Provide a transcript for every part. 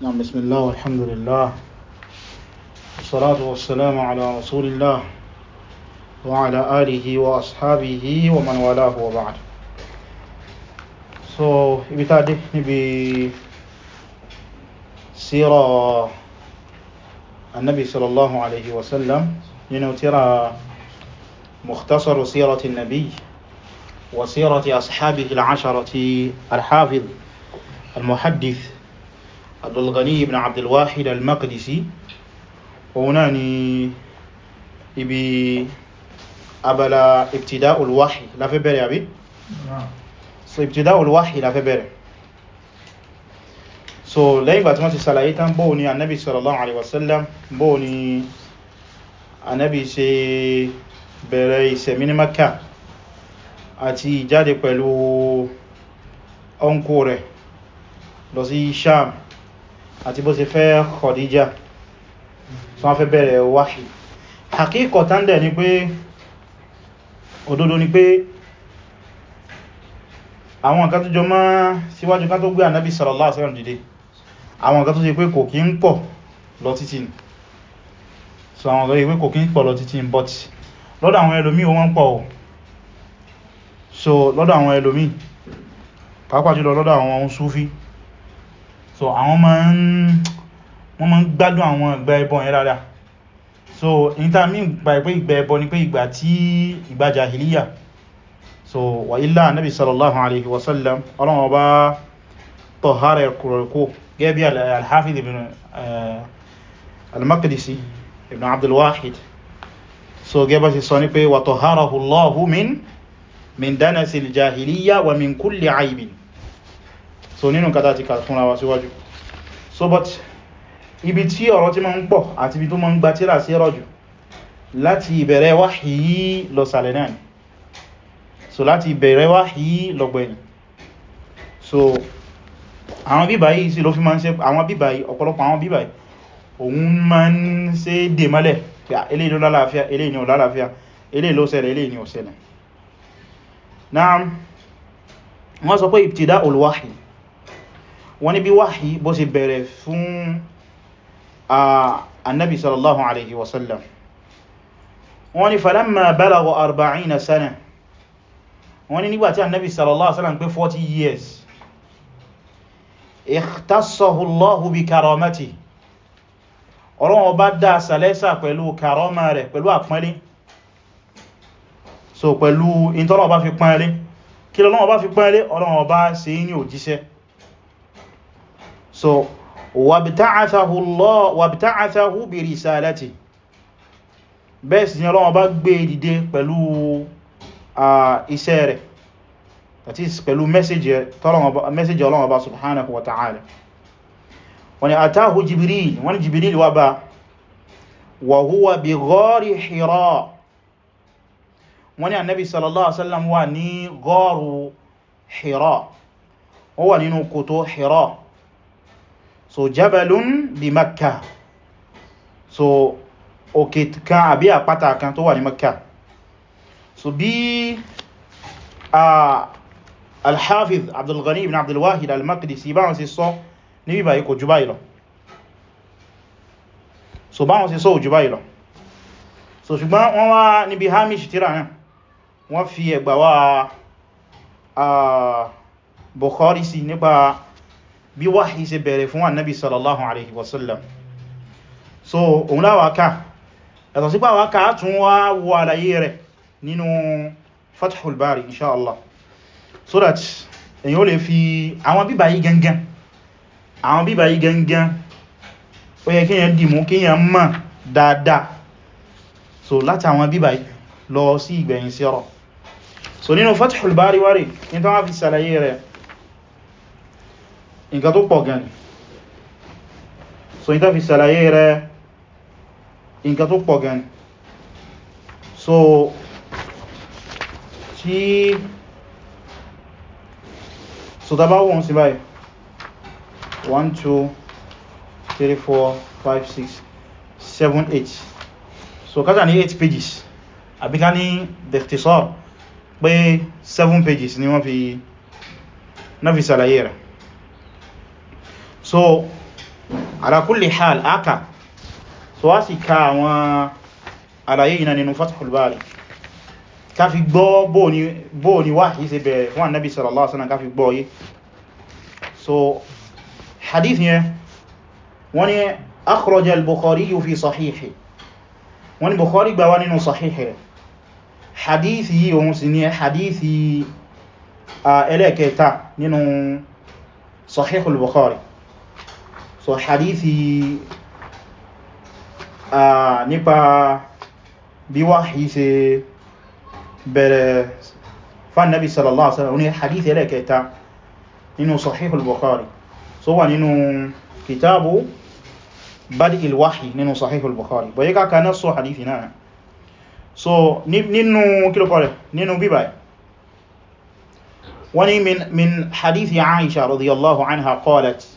نعم بسم الله والحمد لله والصلاة والسلام على رسول الله وعلى آله وأصحابه ومن والاه وبعد So ibi tá a dé níbi síra annabi sallallahu alayhi wa sallam nínú tíra mukhtasaru sírati nabi wa sírati ashabihi al-asharati al-hafiz al-muhaddith abdulghani ibn abdulwahid al-maqdisi òun náà ni ibi abala ibtida ulwahi láfẹ́ bẹ̀rẹ̀ àbí so ibtida ulwahi láfẹ́ bẹ̀rẹ̀ so lẹ́yìn ìgbà tí wọ́n ti sàlàyé tán bóò ni annabi sallallahu alaihi wasallam bóò ni annabi ṣe bẹ̀rẹ̀ ìsẹ̀mí ní àti ìjáde pẹ̀lú ọǹkó lọ sí Sham àti bó ṣe fẹ́ Khadija so wọ́n fẹ́ bẹ̀rẹ̀ wáhì hakikatan dẹ̀ ni pé òdodo ni pé àwọn nǹkan tó jọ mọ́ síwájú ká tó gbé ànábì sallallahu alaihi wasallam dìde àwọn nǹkan tó ṣe pé kò kí ń pọ̀ lọ títí ni so àwọn nǹkan ìwé kò kí ń pọ̀ lọ títí but lọ́dọ̀ àwọn ẹlòmí o wọ́n pọ̀ o so lọ́dọ̀ àwọn ẹlòmí pàápàá jùlọ lọ́dọ̀ àwọn Sufi so àwọn ma ń wọ́n ma ń gbádùn àwọn ìgbà ẹbọ yẹn dáadáa so in ta mi gba pé ìgbà ẹbọ ni pé ìgbà tí ìgbà jahiliya so wa illa nabi sallallahu alaihi wasallam ọlọ́wọ́ bá tọ̀hárà ẹ̀kùrọ̀kọ́ gẹ́bí al-hafiz ibn eh, al-maqdisi ibn abdulwahid so gẹ́bá ti sọ ní pé wa tọ̀hárà hullahu min min danasil jahiliya wa min kulli aibin so nínú kátà ti kà fúnra síwájú so but ibi tí ọ̀rọ̀ tí ma ń pọ̀ àti ibi tó ma ń gba tíra sí rọ̀jù láti ìbẹ̀rẹ̀ wáhìí lọ sàlẹ̀ náà ni so láti ìbẹ̀rẹ̀ wáhìí lọ́gbẹ̀yìn so àwọn bíbáyìí sí ló fi ma ń ṣe àwọn bíbáyìí ọ̀pọ̀lọpọ̀ àwọn bíbáyìí òun ma ń ṣe dè mọ́lẹ̀ ni ò lálàáfíà eléyìí ló ṣẹlẹ̀ ni ò ṣẹlẹ̀ náà wọ́n sọ pé ìbtìdá olùwáhìí wọ́n ní bí wáhí bó ṣe bẹ̀rẹ̀ fún annabi sallallahu alaihi wasallam wọ́n ní falamma balagha arba'ina sana wọ́n ní nígbàtí annabi sallallahu alaihi wasallam pé 40 years ikhtassahu Allahu bi karamati ọlọ́wọ́ bá dá sàlẹ́sà pẹ̀lú karama rẹ̀ pẹ̀lú àpọ́nlé so pẹ̀lú ìtọ́lọ́wọ́ bá fi pọ́nlé kí lọ́wọ́ bá fi pọ́nlé ọlọ́wọ́ bá ṣe ní òjíṣẹ́ so wàbítàáfàhù Allah wàbítàáfàhù bi risalati bẹ́ẹ̀ sì ni Ọlọ́run bá gbé e dìde pẹ̀lú iṣẹ́ rẹ̀ that is pẹ̀lú mẹ́sẹ̀jì Ọlọ́run bá subhanahu wa ta'ala wọ́n ni àtàhù Jibril wọ́n ni Jibril wá bá wa huwa bi ghari Hira wọ́n ni annabi sallallahu alaihi wasallam wà ní gharu so jabalun bi makka so òkè kan àbí àpáta kan tó wà ní makka so bí a alhafiz abdulghani ibn abdulwahid al-maqdisi báwọn sí sọ ní bíbá ikò jù báyìí lọ so báwọn sí sọ jù báyìí lọ so ṣùgbọ́n wọ́n wá níbi hamish tíra náà wọ́n fi ẹgbàwà bukhari sí nípa bí wáhí ṣe bẹ̀rẹ̀ fún annabi sallallahu alaihi wasallam so òun láwá ká ẹ̀tọ̀ sípá wá ká tún wá wo àlàyé rẹ̀ nínú fathul bari inṣáàlá so that èyàn ó lè fi àwọn bíbà yí gangan àwọn bíbà yí gangan ó yẹ kíyàn dìmú kíyàn mọ̀ dáadáa so láti àwọn bíbà yí lọ sí ìgbẹ̀yìn sí ọ̀rọ̀ so nínú fathul bari wárí ní tán fi ṣàlàyé rẹ̀ nǹkan tó pọ̀ gan so ní tàbí sàlàyé rẹ̀ nǹkan tó pọ̀ gan so tí so tàbá wọ́n sí báyìí 1 2 3 4 5 6 7 8 so kájà ní 8 pages àbíká ní dẹ̀ktisọ́ pé 7 pages ni wọ́n fi náà fi sàlàyé rẹ̀ so ala kulli hal aka so wá sì ka àwọn àlàyé yìí nínú Fathul Bari ká fi gbọ́ bóò ni wá yìí ṣe bẹ̀rẹ̀ fún annabi sallallahu alaihi wasallam fi gbọ́ yìí so hadith yẹn wọ́n ni akhraja al-Bukhari yóò fi sahihi wọ́n ni Bukhari gbà wá nínú sahihi rẹ̀ hadithi yìí òun sì ni hadithi ẹlẹ́kẹta nínú sahihul Bukhari so hadithi a nípa bí wahyi ṣe bẹ̀rẹ̀ nabi sallallahu alaihi wasallam ní hadithi ẹlẹ́kẹta nínú al bukhari so wà nínú kitabu badi al wahyi nínú sahih al bukhari bọ̀yí káka kana so hadithi na so nínú kilo rẹ̀ nínú bi bíbáyì wani min hadithi aisha radiyallahu anha qalat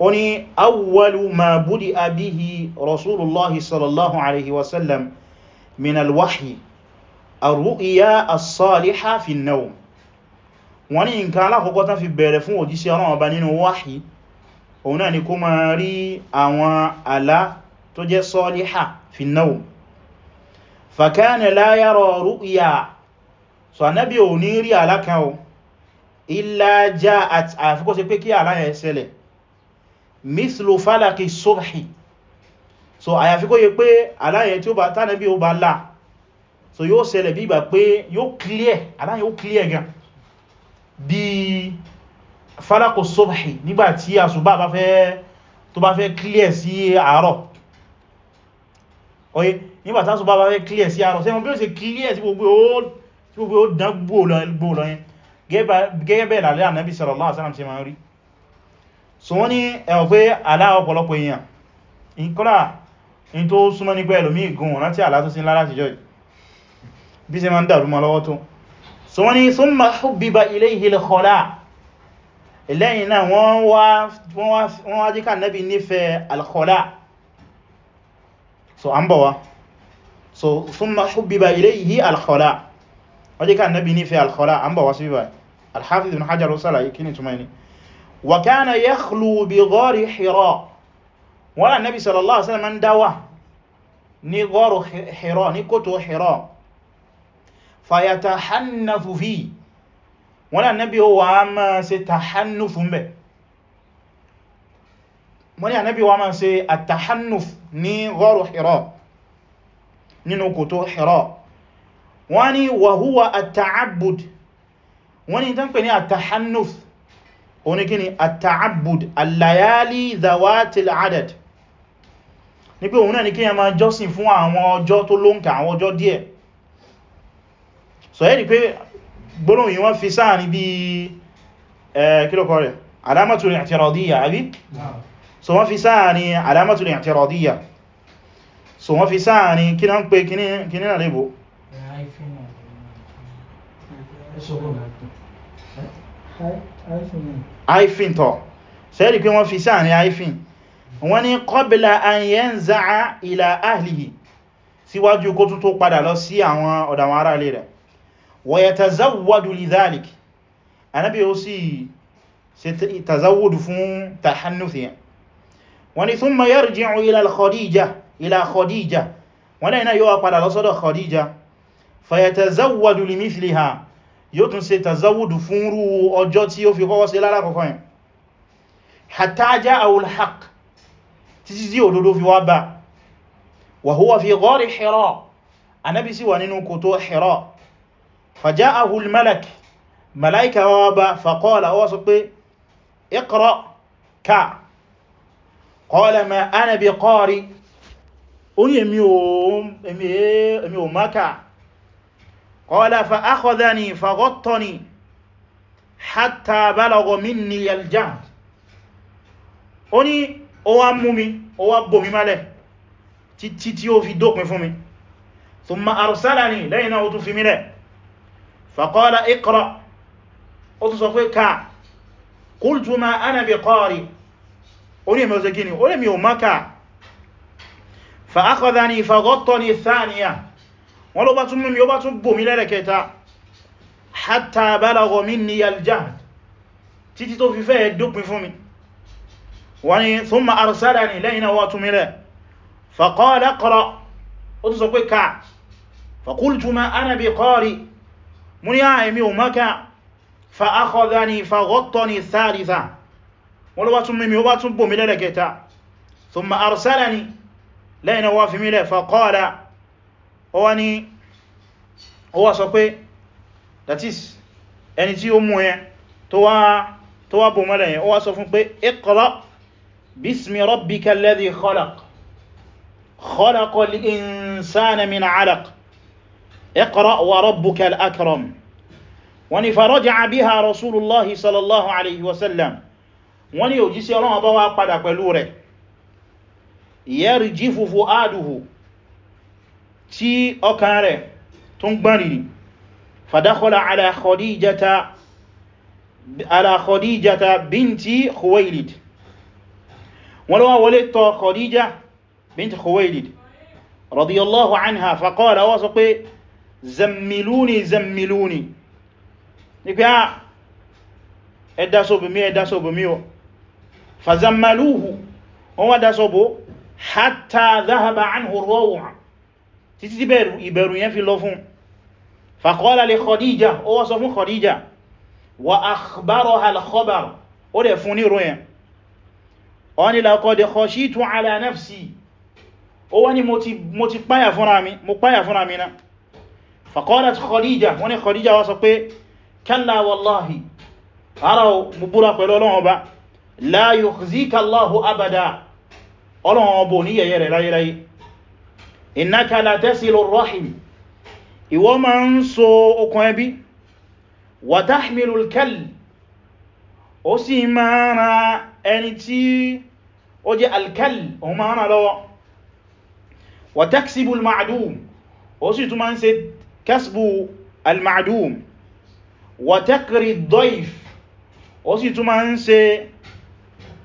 ó ní awwalu ma budi'a bihi rasulullahi sallallahu alaihi wasallam min alwahyi arru'iya as-saliha fi an-nawm wọ́n ní nǹkan alákọ̀ọ́kọ́ tán fi bẹ̀rẹ̀ fún òjíṣẹ́ Ọlọ́run Ọba nínú wáhí òun náà ni kó ma rí àwọn àlá tó jẹ́ saliha fi an-nawm fa kana la yara so anábí ò ní rí àlá o illa ja'at àfikọ́ sí pé kí àlá yẹ ṣẹlẹ̀ mithlu falaki subhi so àyàfi kó yẹ pé aláyẹ tí ó bá tánàbí ó bá láà so yóò sele bí ìgbà pé yóò clear aláyẹ ó clear gan bí falaki subhi nígbàtí àsùbá ba fe, tó ba fe clear sí aro, oye ta àsùbá ba fe clear sí àárọ̀ sẹ́wọ́n bí ó ṣe clear sí gbogbo ó dán gbòòlọ yẹn gẹ́gẹ́ bẹ́ẹ̀ lálẹ́ ànábì sallallahu alaihi wasallam ṣe máa ń rí so wọ́n ní ẹ̀wọ̀n pé àlá ọ̀pọ̀lọpọ̀ èèyàn ìkọ́lá in tó súnmọ́ ní pé ẹlòmí ìgun ọ̀nà tí àlá tó sí lára tìjọ́ bí ṣe máa ń dàrú mọ́ lọ́wọ́ tó so wọ́n ní summa hubbiba ilayhi al-khala lẹ́yìn náà wọ́n wá jíkà nẹ́bí nífẹ̀ẹ́ al wa kana yakhlu bi ghari Hira wọ́n rán Nabi sallallahu alaihi wasallam dáwà ní ghari Hira ní kòtò Hira fayatahannafu fi wọ́n rán Nabi wa ma ṣe tahannufu mbẹ̀ wọ́n rán Nabi wa ma ṣe at-tahannuf ní ghari Hira nínú kòtò Hira wọ́n ni wa huwa at wọ́n ni tán pè ní at-tahannuf oníkíni at-ta'abbud al-layali dhawatil adad ní pé òun náà ní kí ẹ máa jọ́sìn fún àwọn ọjọ́ tó lóǹkà àwọn ọjọ́ díẹ̀ so ẹ́ di pé gbólóhùn yìí wọ́n fi sáà ní bí kílọ̀kọ́ rẹ̀ alamatul i'tiradiyya àbí so wọ́n fi sáà ní alamatul so wọ́n fi sáà ní kí náà ń pè kí aifin tọ̀ sẹ́rì pé wọ́n fi sáàrin aifin wọ́n ní qabla an yanza'a ila ahlihi síwájú kó tún tó padà lọ sí àwọn ọ̀dàwọn ará ilé rẹ̀ wa yatazawwadu lidhalik anábí ó sì ṣe tazawwudu fún tahannuthi wọ́n ní thumma yarji'u ila khadija ila Khadija wọ́n náà yóò padà lọ sọ́dọ̀ Khadija fayatazawwadu limithliha yóò tún ṣe tazawudu fún rú ọjọ́ tí ó fi kọ́kọ́ ṣe lára kọ́kọ́ yẹn hatta já awul haq títí tí òdodo fi wá bá wa huwa fi ghari hira anábi sí wà nínú kòtò hira fàjá ahul malak malaika wá bá faqala ó sọ pé iqra ka qala ma ana bi قال فأخذني فغطني حتى بلغ مني الجهد ó ní ó wá mú mi ó wá bò mi málẹ̀ títí tí ó fi dópin fún mi thumma arsalani lẹ́yìn náà ó tún fi mílẹ̀ faqala iqra ó tún sọ pé ká qultu ma ana bi qari ó ní èmi ó ṣe gini ó ní mi ò wọ́n ló bá tún mímí ó bá tún bò mí lẹ́rẹ̀kẹta hatta balagha minni al-jahd títí tó fi fẹ́ dópin fún mi wọ́n ni thumma arsalani lẹ́yìn náà wọ́n tún mílẹ̀ faqala qra ó tún sọ pé ká faqultu ma ana bi qari ah, mú ó wá ní ó wá sọ pé that is ẹni tí ó mú ẹ tó wá tó wá bò mọ́lẹ̀ yẹn ó wá sọ fún pé iqra bismi rabbika alladhi khalaq khalaqal insana min alaq iqra wa rabbuka al-akram wọ́n ní wasallam wọ́n ní òjísí ọlọ́wọ́ bá wá padà pẹ̀lú rẹ̀ yarjifu fu'aduhu tí ọkàn rẹ̀ tó ń gbọ́n rìrì fàdákọ́lá ala Khadijata bíntí Khuwailid wọ́n lọ́wọ́ wọlé tọ̀ Khadija bíntí Khuwailid radiyallahu anha faqala wọ́n sọ pé zammiluni zammiluni ní pé a ah, ẹ̀dásọ́bùmí ẹ̀dásọ́bùmí o fazammaluhu títí tí ìbẹ̀rù yẹn fi lọ fún faqala li Khadija ó wá sọ fún Khadija wa akhbaraha al-khabar ó dẹ̀ fún ní ìròyìn ó ní laqad khashitu ala nafsi ó wá ní mo ti páyà fúnra mi náà faqalat Khadija wọ́n ni Khadija wá sọ pé kalla wallahi ara mo búra pẹ̀lú Ọlọ́run Ọba la yukhzika Allahu abada ní yẹ̀yẹ́ rẹ̀ láyéláyé innaka la tasilu rahim ìwọ ma ń so okùn ẹbí wa tahmilu al-kal ó sì ma ran ẹni tí ó jẹ́ al-kal òun ma ran lọ́wọ́ wa taksibu al-ma'dum ó sì tún ma ń ṣe kasbu al-ma'dum wa taqri ó sì tún ma ń ṣe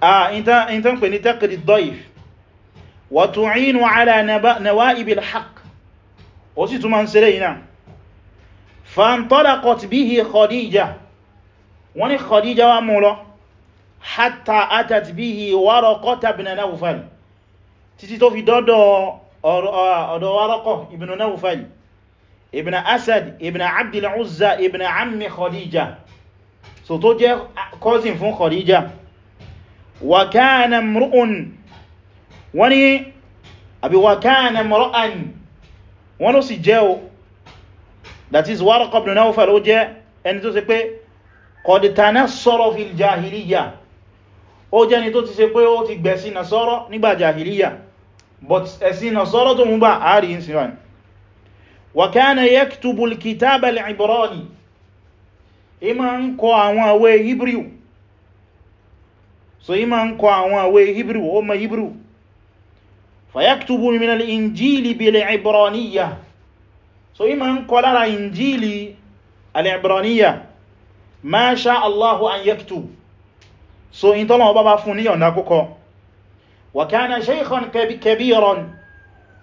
a ìtàn ní taqri ad wa tu'inu ala nawaibil haqq ó sì tún ma ń ṣẹlẹ̀ iná fantalaqat bihi khadija wọ́n ni khadija wá mú lọ hatta atat bihi waraqata ibn nawfal títí tó fi dọ́dọ̀ ọ̀dọ̀ waraqah ibn nawfal ibn asad ibn abdil uzza ibn ammi khadija so tó jẹ́ cousin fún khadija wa kana mru'un wọ́n ni àbí wa kana imra'an wọ́n ló sì jẹ́ o that is Waraqa ibn Nawfal ló jẹ́ ẹni tó ṣe pé qad tanassara fil jahiliya ó jẹ́ ni tó ti ṣe pé ó ti gbẹ̀sí nasọ́rọ̀ nígbà jahiliya but ẹ̀sí nasọ́rọ̀ tó mú bá àárí ìsìnwàn wa kana yaktubu al-kitaba al ima ń kọ àwọn àwẹ́ hebrew so ima ń kọ àwọn àwẹ́ hebrew ó mọ hebrew fàyàktubu min al-injili bil-ibraniyya so ima ń kọ lára injili al-ibraniyya ma sha Allahu an yaktub so in tọ́lọ̀ ọba bá fún ní ọ̀nà kókọ wa kana shaykhan kabiran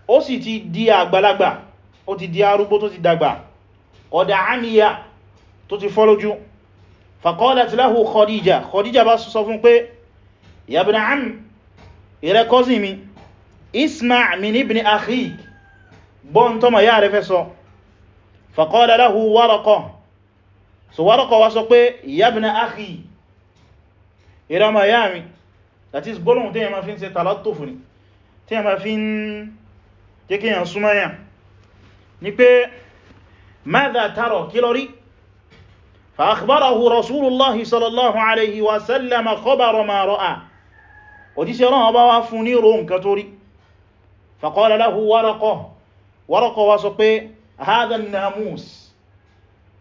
ó sì ti di àgbàlagbà ó ti di arúgbó tó ti dàgbà ọ̀dà àmìyà tó ti fọ́lójú faqalat lahu Khadija Khadija bá sọ fún pé ya ibn am mi isma' min ibn akhik gbọ́n tọ́mọ̀ yá rẹ̀ fẹ́ sọ faqala lahu Waraqa so Waraqa wá sọ pé ya ibn akhi ìrọmọ̀ yá mi that is gbọ́lùn tí yẹn ma fi ń ṣe talattufu ni tí yẹn ma fi ń kékèyàn súnmọ́yà ni pé madha tara kí lọ rí fa akhbarahu òjíṣẹ́ ọlọ́run ọba wá fún ní ro nǹkan tó faqala lahu Waraqa Waraqa wá sọ pé hadha namus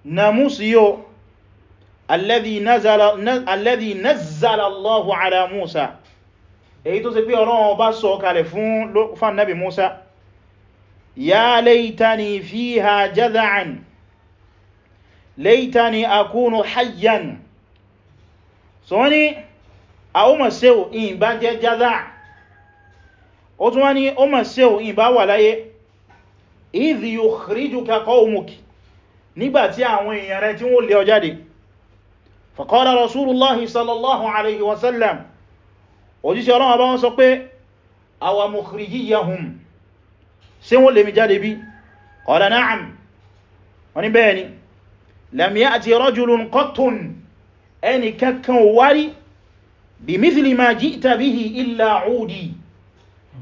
namus yíò alladhi nazala alladhi nazzala Allahu ala Musa èyí tó ṣe pé Ọlọ́run bá sọ kalẹ̀ fún fún Nabi Musa ya laytani fiha jada'an laytani akunu hayyan so ni a o mọ̀ in bá jẹ́ jada'an ó tún wá ní ó mà ṣe ò ìbá wà láyé ìdí yukhrijuka qawmuki nígbàtí àwọn èèyàn rẹ̀ tí wọ́n lé ọ jáde faqala rasulullahi sallallahu alaihi wasallam òjíṣẹ́ ọlọ́wọ́ bá wọ́n sọ pé awa mukhrijiyahum ṣé wọ́n lè mi jáde bí qala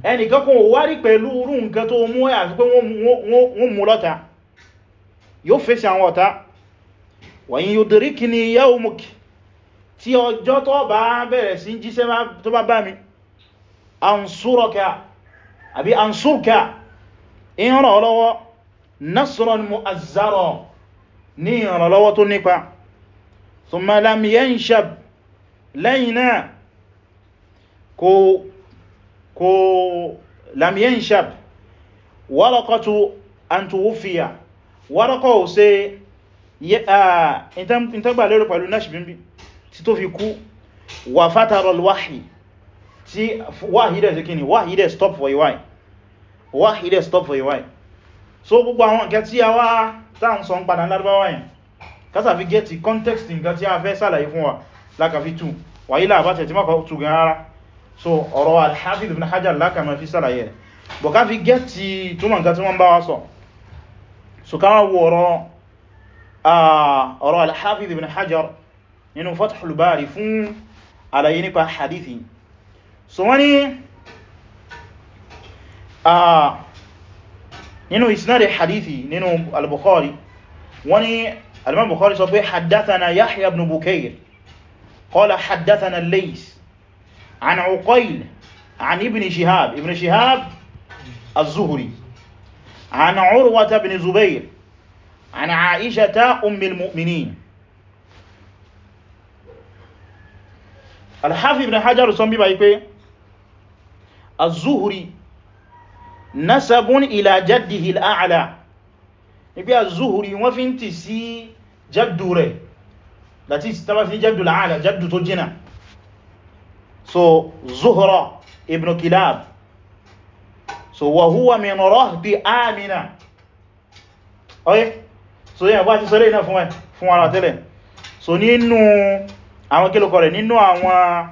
ẹnìkan kò wárí pẹ̀lú irú nǹkan tó mú ẹ̀ àti pé wọ́n mú lọ́ta yóò fèsì àwọn ọ̀tá wa in yudrikni yawmuk tí ọjọ́ tó bá bẹ̀rẹ̀ sí jíṣẹ́ tó bá bá mi ansuraka kò lam yanshab waraqatu an tuwfiya waraqo ò ṣe ìtàgbà lérò pẹ̀lú nashbimbi tí tó fi kú wà fatara al-wahyi tí wáhídẹ̀ sí kíni wáhídẹ̀ stop for a while wáhídẹ̀ stop for a while so gbogbo àwọn nǹkan tí a wa, tá ń sọ ń padà lárúbáwá yẹn kásà fi gẹ́ẹ̀tì context nǹkan tí a fẹ́ sàlàyé fún wa lákàfí 2 wàyílà àbátẹ̀ tí mọ́kọ̀ 2 gan rárá so ọ̀rọ̀ al-Hafidh ibn Hajar láka ma fi sàlàyé rẹ̀ bọ̀ ká fi gẹ́ ti túnmọ̀ nǹkan tí wọ́n bá wá sọ so káwà wo ọ̀rọ̀ al-Hafidh ibn Hajar nínú Fathul Bari fún àlàyé nípa hadithi so wani nínú isnadi hadithi nínú al-Bukhari wani al-Bukhari sọ pé haddathana Yahya ibn Bukayr qala haddathana al عن عقيل عن ابن شهاب ابن شهاب الزهري عن عروة بن زبير عن عائشة أم المؤمنين الحافظ بن حجر sọ bíbá الزهري نسب إلى جده الأعلى ibi الزهري wọ́n انتسي ń tì sí jaddu rẹ̀ láti tàbí الأعلى jaddu tó so zuhra ibn kilab so wa huwa min rahbi amina oye so yẹn bá ti sọ́rọ̀ iná fún ẹ fún ara tẹ́lẹ̀ so nínú àwọn kílùkọ rẹ̀ nínú àwọn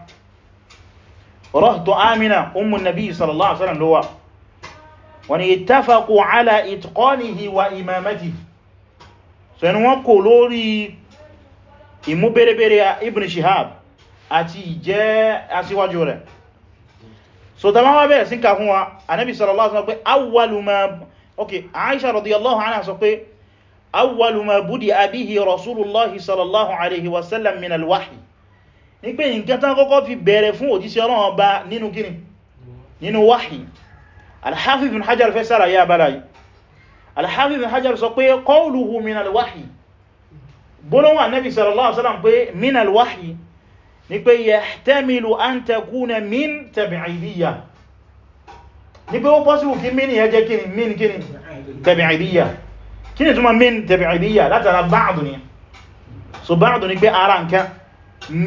rahtu amina ummu nabi sallallahu alaihi wasallam lówà wani ittafaqu ala itqanihi wa imamati so yẹn wọ́n kò lórí ìmú bẹ̀rẹ̀bẹ̀rẹ̀ ibn shihab àti ìjẹ́ aṣíwájú rẹ̀ so ta máa bẹ̀rẹ̀ sí kàkún wa anábi sallallahu alaihi wasallam pé awwalu ma okay aisha radiyallahu anha sọ pé awwalu ma budi abihi rasulullahi sallallahu alaihi wasallam min alwahi ní pé nǹkan tán kọ́kọ́ fi bẹ̀rẹ̀ fún òjíṣẹ́ Ọlọ́run bá nínú gini nínú wahi alhafi bin hajar fẹ́ sára ya bala yi alhafi bin hajar sọ pé qawluhu min alwahi gbólóhùn anábi sallallahu alaihi pé min alwahi ní pé yahtamilu an takuna min tabi'idiyya ní pé ó pọ́sílù kí min yẹ jẹ́ kíni min kíni tabi'idiyya kíni túnmọ̀ min tabi'idiyya látara báàdù ni so báàdù ni pé ara nǹkan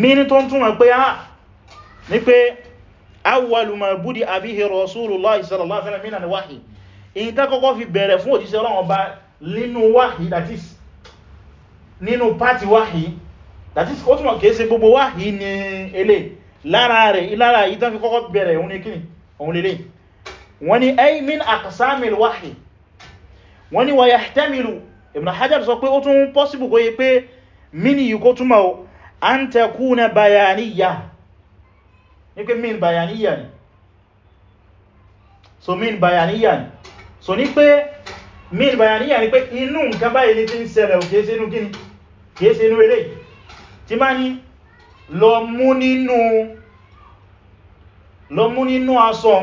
min tó ń túnmọ̀ pé á ah, ní pé awwalu ma budi abihi rasulullahi sallallahu alaihi wasallam min that is ó túnmọ̀ kèése gbogbo wá yìí ní elé lára rẹ̀ lára yìí tán fi kọ́kọ́ bẹ̀rẹ̀ òun ní kíni òun lè lè wọ́n ni ay min aqsamil wahyi wọ́n ni wa yahtamilu Ibn Hajar sọ pé ó tún possible kó yí pé min yìí kó túnmọ̀ an takuna bayaniya bayaniya ni so min bayaniya ni so ní pé min bayaniya ni pé inú nǹkan báyìí ní ti ń ṣẹlẹ̀ ò kèése tí bá ní lọ mú nínú lọ so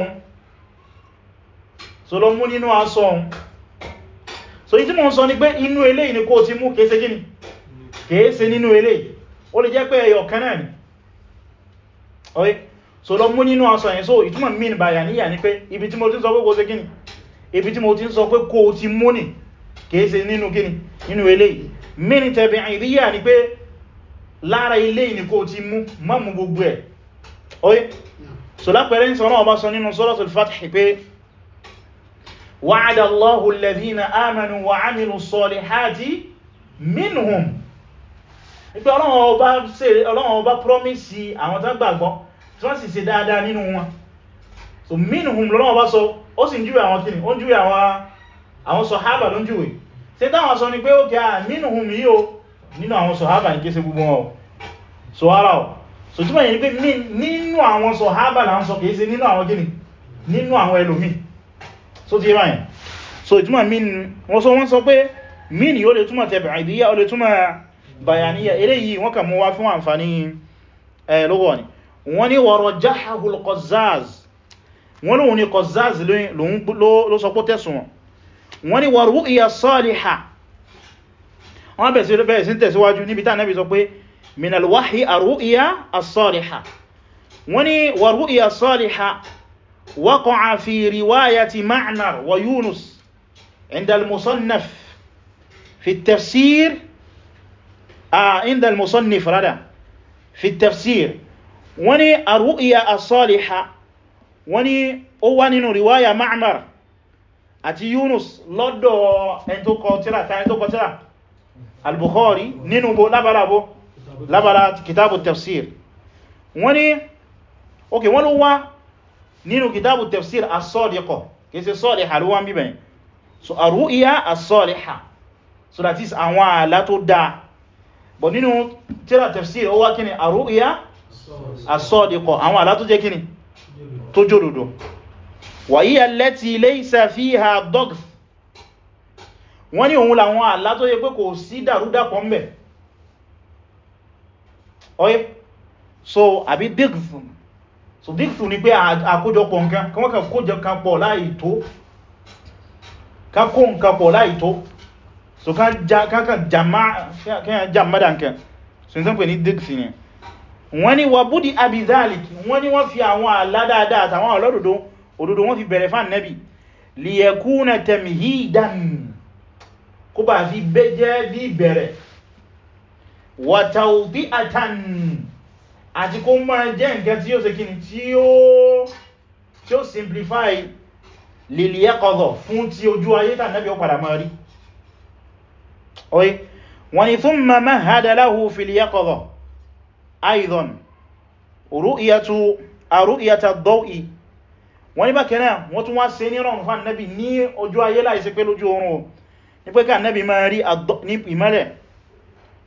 lọ mú nínú aṣọ so ìtí mò ń sọ ní pé inú eléyìí ni kó ti mú kéèsé gíní kéèsé nínú eléyìí ó lè jẹ́ pé ẹyọ kan ni oye so lọ mú nínú aṣọ yẹn so ìtumọ̀ mí ní bàyà níyà ní pé ibi tí mo ti ń sọ pé kó ṣe gíní ibi tí mo ti ń sọ pé kó ti mú ní kéèsé nínú gíní nínú eléyìí mí ní àìríyà ni pé lára ilé ní kó ti mú mọ́mù gbogbo ẹ̀ oye so lápẹẹrẹ ìsọ náà bá sọ nínú suratul Fath pé wa'ada Allahu alladhina amanu wa 'amilu s-salihati minhum ipé Ọlọ́run ọba promise àwọn tó gbàgbọ́ tí wọ́n sì ṣe dáadáa nínú wọn so minhum lọ́wọ́ bá sọ ó sì ń júwe àwọn kìnnì ó ń júwe àwọn sàhábà ló ń júwe ṣe táwọn sọ ni pé ó kẹ́ minhum yíò nínú àwọn sọ̀hábà ní kése gbogbo wọn so ara ọ̀ so túnmọ̀ yìí pé nínú àwọn sọ̀hábà là ń sọ kìí ṣe nínú àwọn gíní nínú àwọn ẹlòmí so ti ráyìn so ìtúmọ̀ min wọ́n sọ wọ́n sọ pé min yóò lè túmọ̀ tẹ̀bẹ̀ àìdíyà ó lè túmọ̀ bayaniya eléyìí wọ́n kà mú wá fún àǹfààní lọ́wọ́ ni wọ́n ní wọ̀rọ̀ jahahul Qazzaz wọ́n lóhun ni Qazzaz ló sọ pé tẹ̀sùn wọ́n ní wa ru'ya salihah wọ́n bẹ̀rẹ̀ sí tẹ̀síwájú níbi tí Ànábì sọ pé minal wahyi arru'ya as-saliha wọ́n ni wa ru'ya as-saliha waqa'a fi riwayati Ma'mar wa Yunus inda al-musannaf fi at-tafsir inda al-musannif rada fi at-tafsir wọ́n ni arru'ya as wọ́n ni ó wá nínú riwaya Ma'mar àti Yunus lọ́dọ̀ ẹni al-Bukhari nínú bo lábára bo lábára kitabu tafsir wọ́n ní ok wọ́n ló wá nínú kitabu tafsir as-sadiqa kìí ṣe sọ́ọ̀lẹ̀ha ló wá ń so ar-ru'ya as-saliha so that is àwọn àlá tó dáa but nínú tírà tafsir ó wá kíni ar-ru'ya as-sadiqa àwọn àlá tó jẹ́ kíni tó jòdòdò wa hiya allati laysa fiha dogf wọ́n ní òun làwọn àlá tó yẹ pé kò sí dàrúdàpọ̀ mẹ́ ọ̀yẹ́ so àbí dígfù so dígfù ni pé àkójọpọ̀ nǹkan kí wọ́n kàn kójọ kan pọ̀ láì tó kakó nǹkan pọ̀ láì tó so kákan jàmádà nǹkan so nǹkan pè ní dígfù ni wọ́n ní wà búdí abizalik wọ́n ní wọ́n fi àwọn àlá dáadáa àtàwọn ọlọ́dọ̀dọ̀ wọ́n fi bẹ̀rẹ̀ fán nẹ́bì liyakuna tamhidan kó bá fi jẹ́ bí ìbẹ̀rẹ̀ wàtàwò bí àtàn àti kó máa jẹ́ nǹkan tí ó ṣe kíni tí ó simplify lèlè ẹkọ̀dọ̀ fún ti ojú ayé tàn náà bí ó padà máa rí oye wọ́n ni fún mamá hadalahu fìlì ẹkọ̀dọ̀ aidon ru'yata dọ́ì wọ́n ni bákanáà wọ́n tún wá ṣe ní rọrùn fún annabi ní ojú ayé láìsí pé lójú oorun ní pé ká nẹ́bí máa rí ìmọ́lẹ̀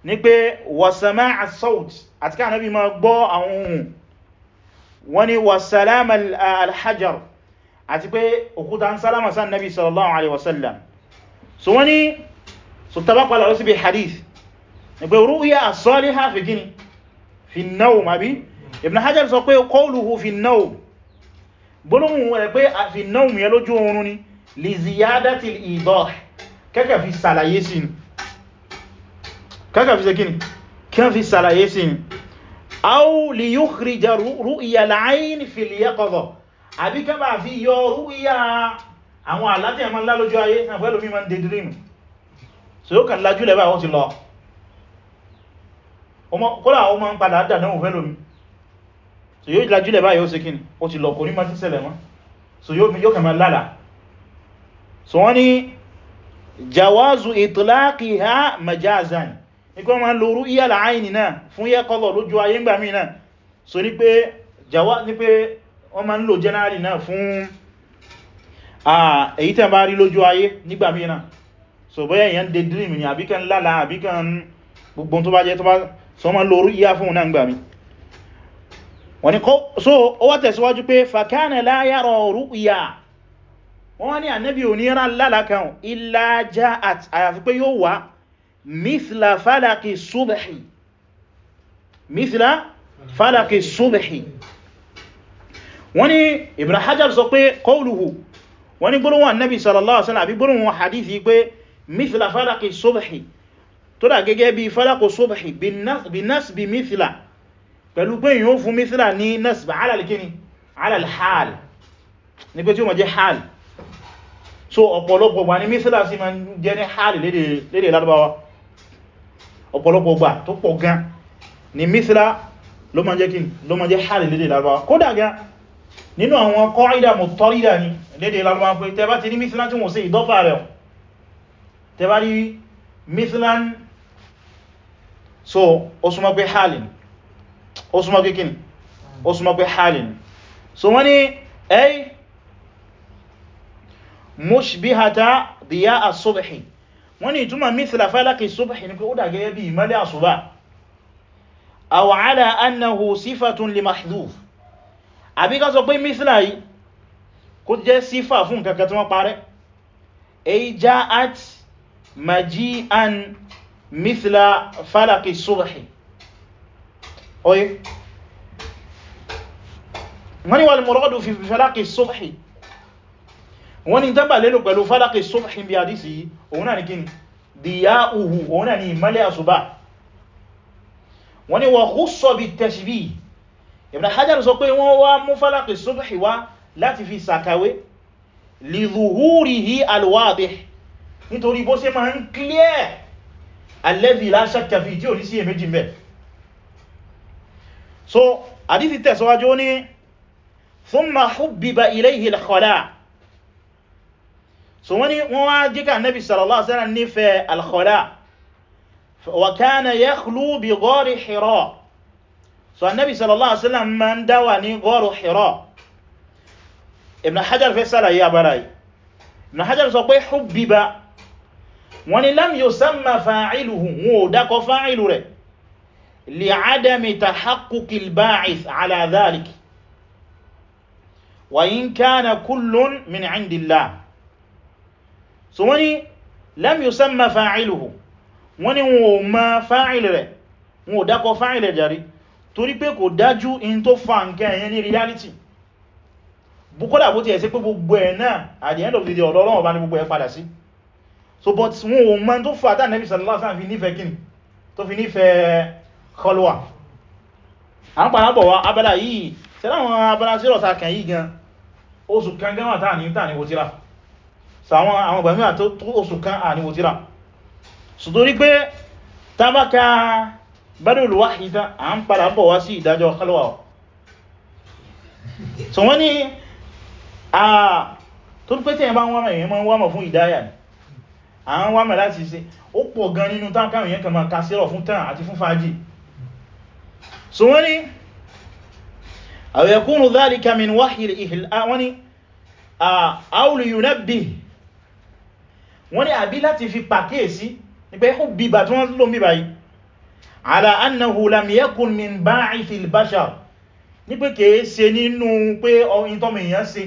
ní pé wàsàmá as-sawt àti ká nẹ́bí máa gbọ́ àwọn ohun wọ́n ni wàsàlámà al-hajar àti pé òkúta ń sálámà sán nẹ́bí sallallahu alaihi wasallam so wọ́n ni so tabbakwala lọ sí bí hadith ní pé ru'ya as-salihah fi gini fi an-nawm li ziyadati al-idah kẹ́kẹ́ fi sàlàyé sí ni kẹ́kẹ́ fi ṣe kíni kẹ́kẹ́ fi sàlàyé sí ni aw li yukhrija ru'ya al-'ayn fi al-yaqadha àbí kẹ́ bá fi yọ ru'ya àwọn àlátẹ̀ ẹ̀mọ́ ńlá lójú ayé náà pẹ́lú mímọ̀ daydream so yóò kàn lájú lẹ́bà wọ́n ti lọ kọ́lá àwọn ọmọ ń padà dà náà fẹ́lú mi so so wọ́n ni jawazu itlaqiha majazan ní kí wọ́n ma ń lo ru'ya al-'ayni náà fún yaqadha lójú ayé ń gbà mí náà so ní pé wọ́n ma ń lo generally náà fún èyí tẹ́ bá rí lójú ayé nígbà mí náà so bóyá èyàn dé dream ni àbíkan lálàá àbíkan gbogbo tó bá jẹ́ tó bá so ma lo ru'ya fún náà gbà mí wọ́n wá ní ànábì onírà lálàkan illa ja'at àyàfi pé yóò wá mithla falaki subhi mithla falaki subhi wọ́n ní Ibn Hajar sọ pé qawluhu wọ́n ní gbóòrùn ànábì sallallahu alaihi wasallam àbí gbóòrùn hadithi pé mithla falaki subhi tó dà gẹ́gẹ́ bí falaki subhi bí nasbi mithla pẹ̀lú pé yíò fún mithla ní nasbi ala al-kini pé tí ó mọ̀ jẹ́ hal so ọ̀pọ̀lọpọ̀ gbà ní mísílà sí ma ń jẹ́ ní hálì lédè lárúbáwá ọ̀pọ̀lọpọ̀ gbà tó pọ̀ gan ní mísílà ló ma jẹ́ kí ló ma jẹ́ hálì lédè lárúbáwá kódà gan nínú àwọn kọ́ìdà mọ̀tọ́rídà ní lédè lárúbáwá pé tẹ bá ti ní mísílà tí so ó súnmọ́ pé hálì ó súnmọ́ pé kíni ó so wọ́n ni mushbihata diya as-subhi wọ́n ní ìtumọ̀ mithla falaki subhi ní pé ó dàgẹ́ bí ìmọ́lẹ̀ àṣùbá aw ala annahu sifatun li mahdhuf àbí ká sọ pé mithla yìí kó jẹ́ sífà fún kankan tí wọ́n parẹ́ èyí ja'at maji'an mithla falaki subhi oye wọ́n ní wal wọ́n ni tábà lélò pẹ̀lú falaki subhin bí hadisi òun náà ni gini díyá uhu òun náà ni ìmọ́lẹ̀ àṣùbá wọ́n ni wọ́n kú sọ bí tashbih Ibn Hajar sọ pé wọ́n wá mú so wọ́n ni wọ́n wá jíkà nabi sallallahu alaihi wasallam nífẹ́ uh, alkhala wa kana yakhlu bi ghori hira so nabi sallallahu alaihi wasallam ma ń dáwà ní ghori hira ibn hajar fẹ́ sára yí abára yìí ibn hajar sọ pé hubbiba wọ́n ni lam yusamma fa'iluhu wọn ò dákọ fa'ilu rẹ̀ li'adami tahaqquqi al-ba'ith ala dhalik wa in kana kullun min indillah so wọ́n ni lam yusamma fa'iluhu wọ́n ni wọ́n ma fa'il rẹ̀ wọ́n ò dákọ fa'il rẹ̀ jari torí pé kò dájú in tó fa nǹkan ẹ̀yẹn ní reality bukọ́dà bó ti ẹ̀ sí pé gbogbo ẹ̀ náà at the end of the day ọ̀dọ̀ Ọlọ́run bá ní gbogbo ẹ̀ padà sí so but wọn ò mọ̀ tó fà tánàbí sallallahu alaihi wasallam fi nífẹ̀ẹ́ so àwọn àwọn ìgbà mìíràn tó oṣù kan à ní wòtíra so torí pé tábákà bẹ́rẹ̀lú wá ìdá à ń padà bọ̀ wá sí ìdájọ́ kálọ́wà so wọ́n ni a tó pé tí ẹ̀bá wọ́n mẹ́rin wọ́n wọ́n fún ìdáyà ni à ń wọ́n láti ṣe ó pọ̀ gan nínú tákàrin yẹn kan máa kásírọ̀ fún wọ́n ní àbí láti fi pàkíyèsí nípa ẹkùn bíbà tí wọ́n lò ń bíbà yìí ala annahu lam yakun min ba'ithil bashar ní pé kèé ṣe nínú pé ọyìn tọ́mọ èèyàn ṣe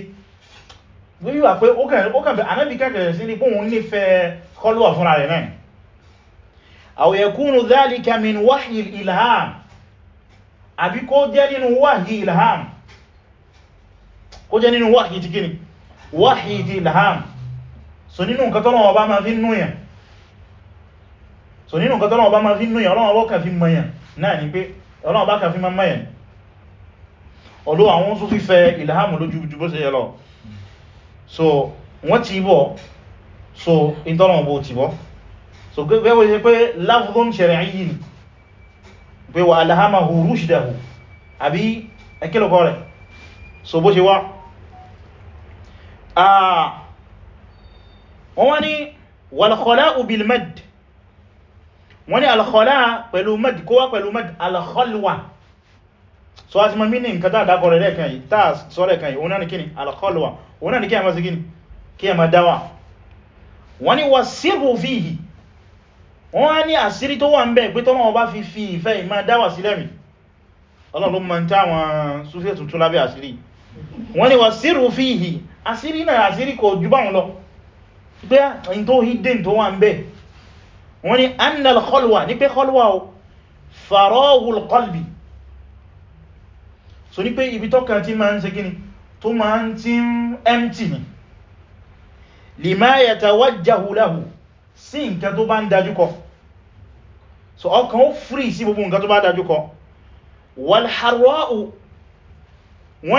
wíwà pé ó kàn bẹ̀ anábì kẹ́kẹ̀ẹ́ sí ní pòun nífẹ̀ẹ́ kọlùwà fúnra rẹ̀ náà aw yakunu dhalika min wahyi ilham àbí kó jẹ́ nínú wahyi ilham kó jẹ́ nínú wahyi ti wahyi ilham so nínú nǹkan tọ́lọ́wọ́ bá ma fi núyàn so nínú nǹkan tọ́lọ́wọ́ bá ma fi núyàn ọlọ́wọ́ kan fi mọ̀yàn náà ni pé ọlọ́wọ́ bá kan fi mọ̀yàn ọlọ́ àwọn sún fífẹ́ ìlàhámù lójú jù bó ṣe yẹ lọ so wọ́n ti bọ̀ so ìtọ́lọ́wọ́ bó ti bọ̀ so gẹ́gẹ́ ṣe pé lafdhun shar'iyyin pé wà alhamahu rushdahu àbí ẹkílùkọ́ rẹ̀ so bó ṣe wá ah wọ́n wá ní walkhala'u bil mad wọ́n ní alkhala pẹ̀lú mad kó wá pẹ̀lú mad alkhalwa so a ti ma mini nǹkan tàà dákọ̀ rẹ̀ kan yìí tàà sọ́rẹ̀ kan yìí òun náà ni kíni alkhalwa òun náà ni kí a máa sí kíni kí a máa dáwà wọ́n ní wasirru fihi wọ́n á ní àsírí tó wà ń bẹ pé tọ́lọ́wọ́ bá fi fi ìfẹ́ ìmá dáwà sílẹ̀ mi ọlọ́run ló mọ̀ ń táwọn súfẹ́ tuntun lábẹ́ àsírí wọ́n ní wasirru fihi àsírí náà àsírí kò jù lọ pé àyìn tó hidden tó wà ń bẹ́ wọ́n ni annal kọlwa ní pé kọlwa o farowul kọlbi so ní pé ibi tọ́ka tí ma ń ṣe gini tó ma ń tí ń empty ni lima yatawajjahu lahu sí nǹkan tó bá ń dájúkọ so ọkàn ó free sí gbogbo nǹkan tó bá dájúkọ wọ́n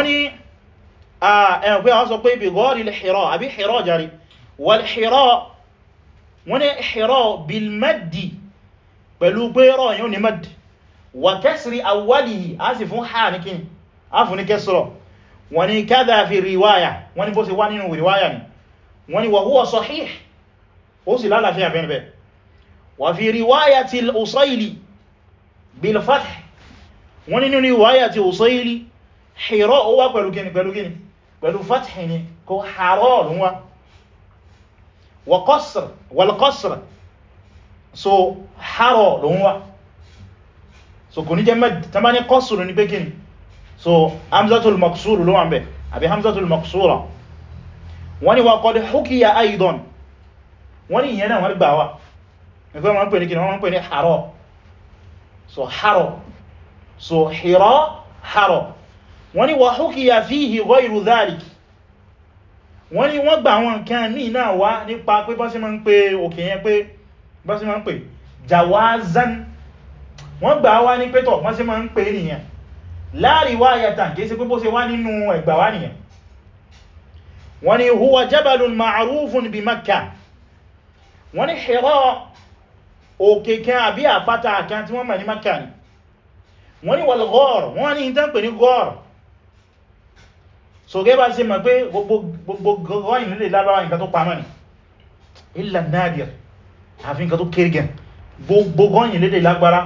ni ẹ̀yàn àwọn sọ pé ibi gọ́ọ̀rì lè hìrọ̀ àbí hìrọ̀ jari wal-hirā' wọ́n ní hirā' bil-maddi pẹ̀lú pé rọ̀ yíò ní maddi wa kasri awwalihi a sì fún ha ní kíni a fún ní kẹsìrọ̀ wọ́n ní kadhā fī riwāyah wọ́n ní bó sì wá nínú riwáyà ni wọ́n ní wa huwa ó sì lálàáfíà bẹ́ẹ̀ bẹ́ẹ̀ wa fī riwāyati al-Uṣayli bil-fath wọ́n ní nínú riwáyati Uṣayli hirā' ó wá pẹ̀lú kíni pẹ̀lú kíni pẹ̀lú fath ni kò harā' ló wọ̀kọ́sìr wọ̀lọ́kọ́sìr so harọ̀ ló ń wá so kò ní jẹ́ mẹ́jì tán bá ní kọ́sìr ní pé kíni so hamzatul maksur ló wà ń bẹ̀ àbí hamzatul maksura wọ́n ni wà kọ́ hukiya aidan wọ́n ni ìyẹn wọ́n gbà wá ẹgbẹ́ wọn wọ́n pè ní harọ̀ wọ́n ní wọ́n gba àwọn nǹkan míì náà wá nípa pé bọ́sí ma ń pè òkè yẹn pé bọ́sí ma ń pè jawazan wọ́n gbà wá ní pétọ̀ wọ́n sí ma ń pè nìyàn láàrin wá yàtà kìí sí pé bó ṣe wá nínú ẹgbà wá nìyàn wọ́n ní huwa jabalun ma'arufun bi makka wọ́n ní Hira òkè àbí àpáta kan tí wọ́n mọ̀ ní makka ni wọ́n ní wal ghor wọ́n ní ìtàn pè ní ghor so gẹ́bà sí mọ̀ pé gbogbo gọ́ọ̀yìn nílé lábáwá nǹkan tó pamọ́ ní illa nadir àfi nǹkan tó kéré gẹn gbogbo gọ́ọ̀yìn lédè lágbára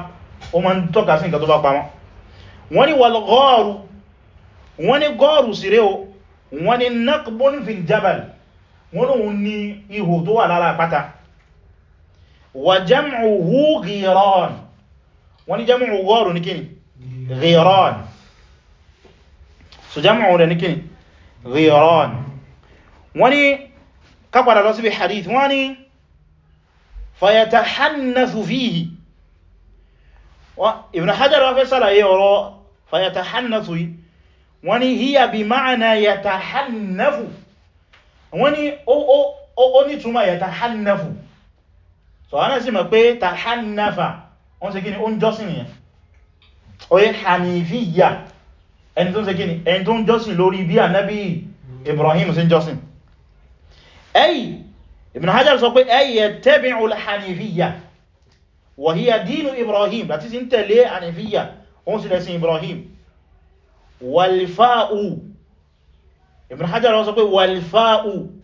o ma ń tọ́ka sí nǹkan tó bá pamọ́ wọ́n ni wal gharu wọ́n ni gọ́ọ̀rù síré o wọ́n ni naqbun fil jabal wọ́n lóhun ni ihò tó wà lára àpáta wa jam'uhu ghiran wọ́n ni jam'u gọ́ọ̀rù ní kíni ghiran so jam'u rẹ̀ ní kíni ghiran wọ́n ní kápadà lọ síbi hadith wọ́n ní fayatahannathu fihi ibn hajar wa fẹ́ sàlàyé ọ̀rọ̀ fayatahannathu yìí wọ́n ní hiya bi ma'ana yatahannafu wọ́n ní ó ní túnmà yatahannafu so ana sì mọ̀ pé tahannafa wọ́n sì kí ni ó jọ́sìn yẹn oye hanifiyya ẹni tó ń ṣe kíni ẹni tó ń jọ́sìn lórí bí ànábì Ibrahim sí jọ́sìn ẹ̀yí Ibn Hajar sọ pé ẹ̀yẹ tabi'ul hanifiyya wa hiya dinu Ibrahim láti sí ń tẹ̀lé hanifiyya oun sí lẹ́sìn Ibrahim walfa'u Ibn Hajar sọ pé walfa'u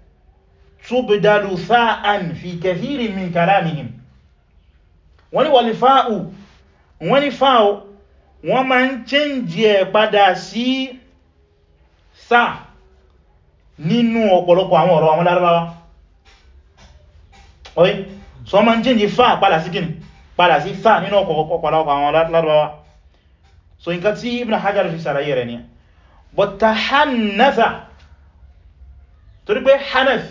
wọ́n máa ń change ẹ̀ padà sí sáà nínú ọ̀pọ̀lọpọ̀ àwọn ọ̀rọ̀ àwọn lárúbáwá ọ̀yí so wọ́n máa ń change fà padà sí kíni padà sí sáà nínú ọ̀pọ̀lọpọ̀ àwọn lárúbáwá so nǹkan tí Ibn Hajar fi sàlàyé rẹ̀ ni but tahannatha torí pé hanath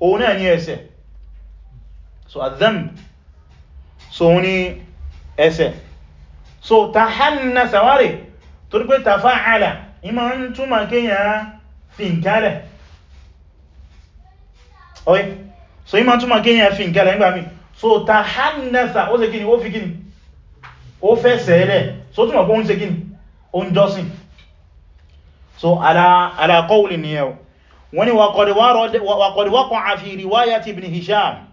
òun náà ní ẹsẹ̀ so adhamb so òun ní ẹsẹ̀ so tahanna sawari torí pé tafa'ala ìmọ̀ ń túnmà kíyàn fi nkálẹ̀ ọ̀yí so ìmọ̀ túnmà kíyàn fi nkálẹ̀ nígbàmí so tahannasa ó ṣe kíni ó fi kíni ó fẹ́ sẹ́ẹ̀lẹ̀ so túnmà kó ń ṣe kíni ó ń jọ́sìn so ala ala qawli nìyẹn wọ́n ni wa qad waqa fi riwayati ibn hisham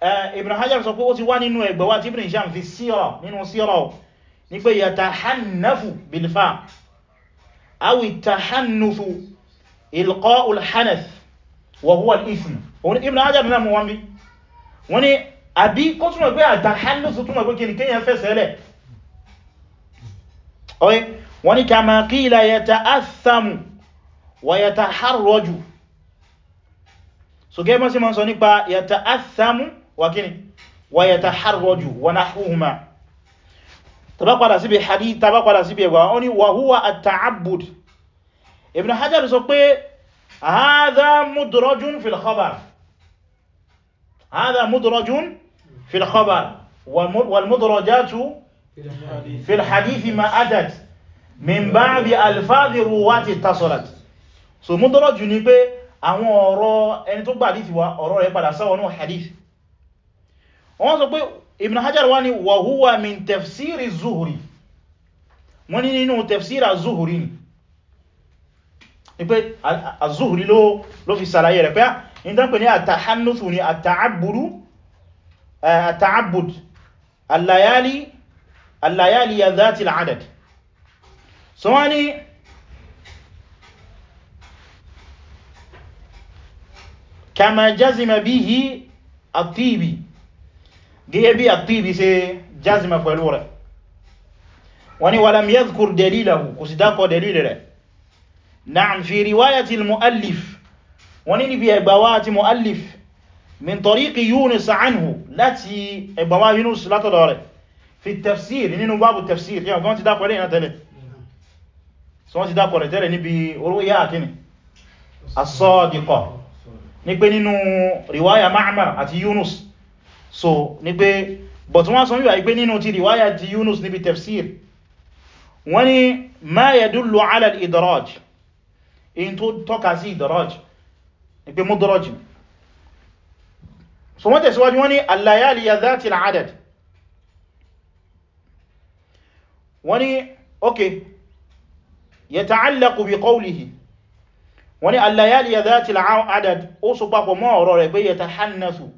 Ibn Hajar sọ pé ó ti wá nínú ẹgbẹ̀wà tí Ibn Hisham fi síra nínú síra ní pé yatahannafu bilfa awi tahannufu ilqa'ul hanath wa huwa al-ithm òun Ibn Hajar náà mú wọn bí wọ́n ni àbí kó túnmọ̀ pé àtàhánnùfù túnmọ̀ pé kìí kíyàn fẹ́sẹ̀lẹ̀ wọ́n ni kama qila yata'athamu wa so gẹ́gẹ́ mọ́ sí mọ́ sọ nípa yata'athamu wàkíní wàyẹta harrojú wọnáhúhùmá tàbápadà síbi hadith tàbápadà síbi ẹgbà ó ní wàhúwà àtàábùd Ibn Hajar sọ pé hadha mudrajun fil khabar hadha mudrajun fil khabar wal mudrajatu fil hadithi ma adat min ba'di alfadhi ruwati tasalat so mudrajun ni pé àwọn ọ̀rọ̀ ẹni tó gbà hadith wa ọ̀rọ̀ rẹ̀ padà sáwọnú hadith wọ́n sọ pé ibn hajjar wá ní wàhúwà huwa min tafsiri zuhuri wọ́n ní nínú tafsira zuhuri ni ni pé zuhuri ló fi sàlàyé rẹ̀ pé pè ní àtàhánútù ni tán pè ní àtàhánútù ni àtàábùdù ataabud alayali allayali ya zati al'adad so wọ́n ní kama jazima bihi at-tibi gẹ́gẹ́ bí àtìbí ṣe jazima pẹ̀lú rẹ̀ wọ́n ni walam yadhkur dalilahu kò sì dákọ̀ dalil rẹ̀ na'am fi riwayati al-mu'allif wọ́n ni níbi ẹgbàwá ti mu'allif min tariqi yunus anhu láti ẹgbàwá yunus látọ̀dọ̀ rẹ̀ fi tafsir nínú bábù tafsir yàwọn kan ti dákọ̀ rẹ̀ tẹ́lẹ̀ so wọ́n ti dákọ̀ rẹ̀ tẹ́lẹ̀ níbi riwaya ma'mar àti yunus so ní pé but wọ́n sọ wíwà ipé nínú ti riwaya ti Yunus níbi tafsir wọ́n ní ma yadullu ala al-idraj in tó tọ́ka sí idraj ní pé mudraj ni so wọ́n tẹ̀síwájú wọ́n ní al-layaliya dhati al-adad wọ́n ní ok yata'allaqu bi qawlihi wọ́n ní al-layaliya dhati al-adad ó so papọ̀ mọ́ ọ̀rọ̀ rẹ̀ pé yatahannasu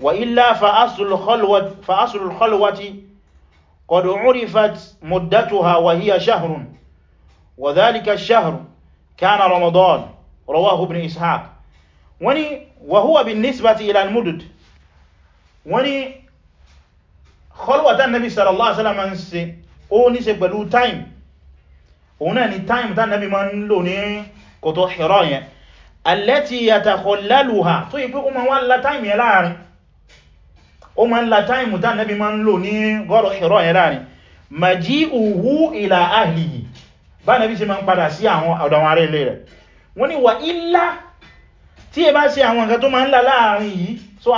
wa illa fa aslul khalwati qad urifat muddatuha wa hiya shahrun wa dhalika ash-shahr kana ramadan rawahu ibn ishaq wani wa huwa bin nisbati ila al-mudud wani khalwatan nabi sallallahu alaihi wasallam ṣe ó ní ṣe pẹ̀lú time òun náà ni time tán nabi ma ń lò ní kòtò Hira yẹn allati yatakhallaluha tó ìpé kó ma wá lá time yẹn láàrin ó ma ń la táìmù tá nẹ́bí ma ń lò ní gọ́rọ̀ Hira yẹn láàrin maji'uhu ila ahlihi bá nẹ́bí ṣe ma ń padà sí àwọn ọ̀dọ̀wọ̀n ará ilé rẹ̀ wọ́n ni wà ilá tí ẹ bá ṣe àwọn nǹkan tó ma ń la láàrin yìí so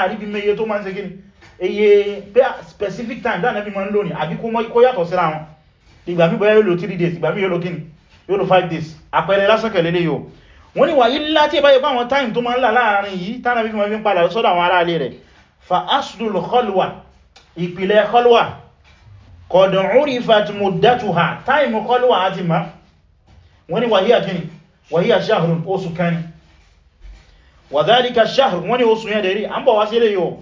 àríbi meye tó ma ń ṣe gini eye specific time tá nẹ́bí ma ń lò ní àbí kó yàtọ̀ síra wọn ìgbà mi bóyá yóò lò 3 days ìgbà mi yóò lò gini yóò lò 5 days àpẹẹrẹ lásọ̀kẹ̀ lélẹ̀ yóò wọ́n ni wà ilá tí ẹ bá yẹ pàwọn time tó ma ń la láàrin yìí tá nẹ́bí ma fi ń padà sọ́dọ̀ àwọn ará ilé rẹ̀ fa asdul khalwa ìpìlẹ̀ khalwa kọ̀dùn urifat muddatuha táìmù khalwa àti ma wani wàhíyà gini wàhíyà shahrun oṣù kan wà dhalika shahr wani oṣù yẹn dẹ̀rí an bọ̀ wá sílé yóò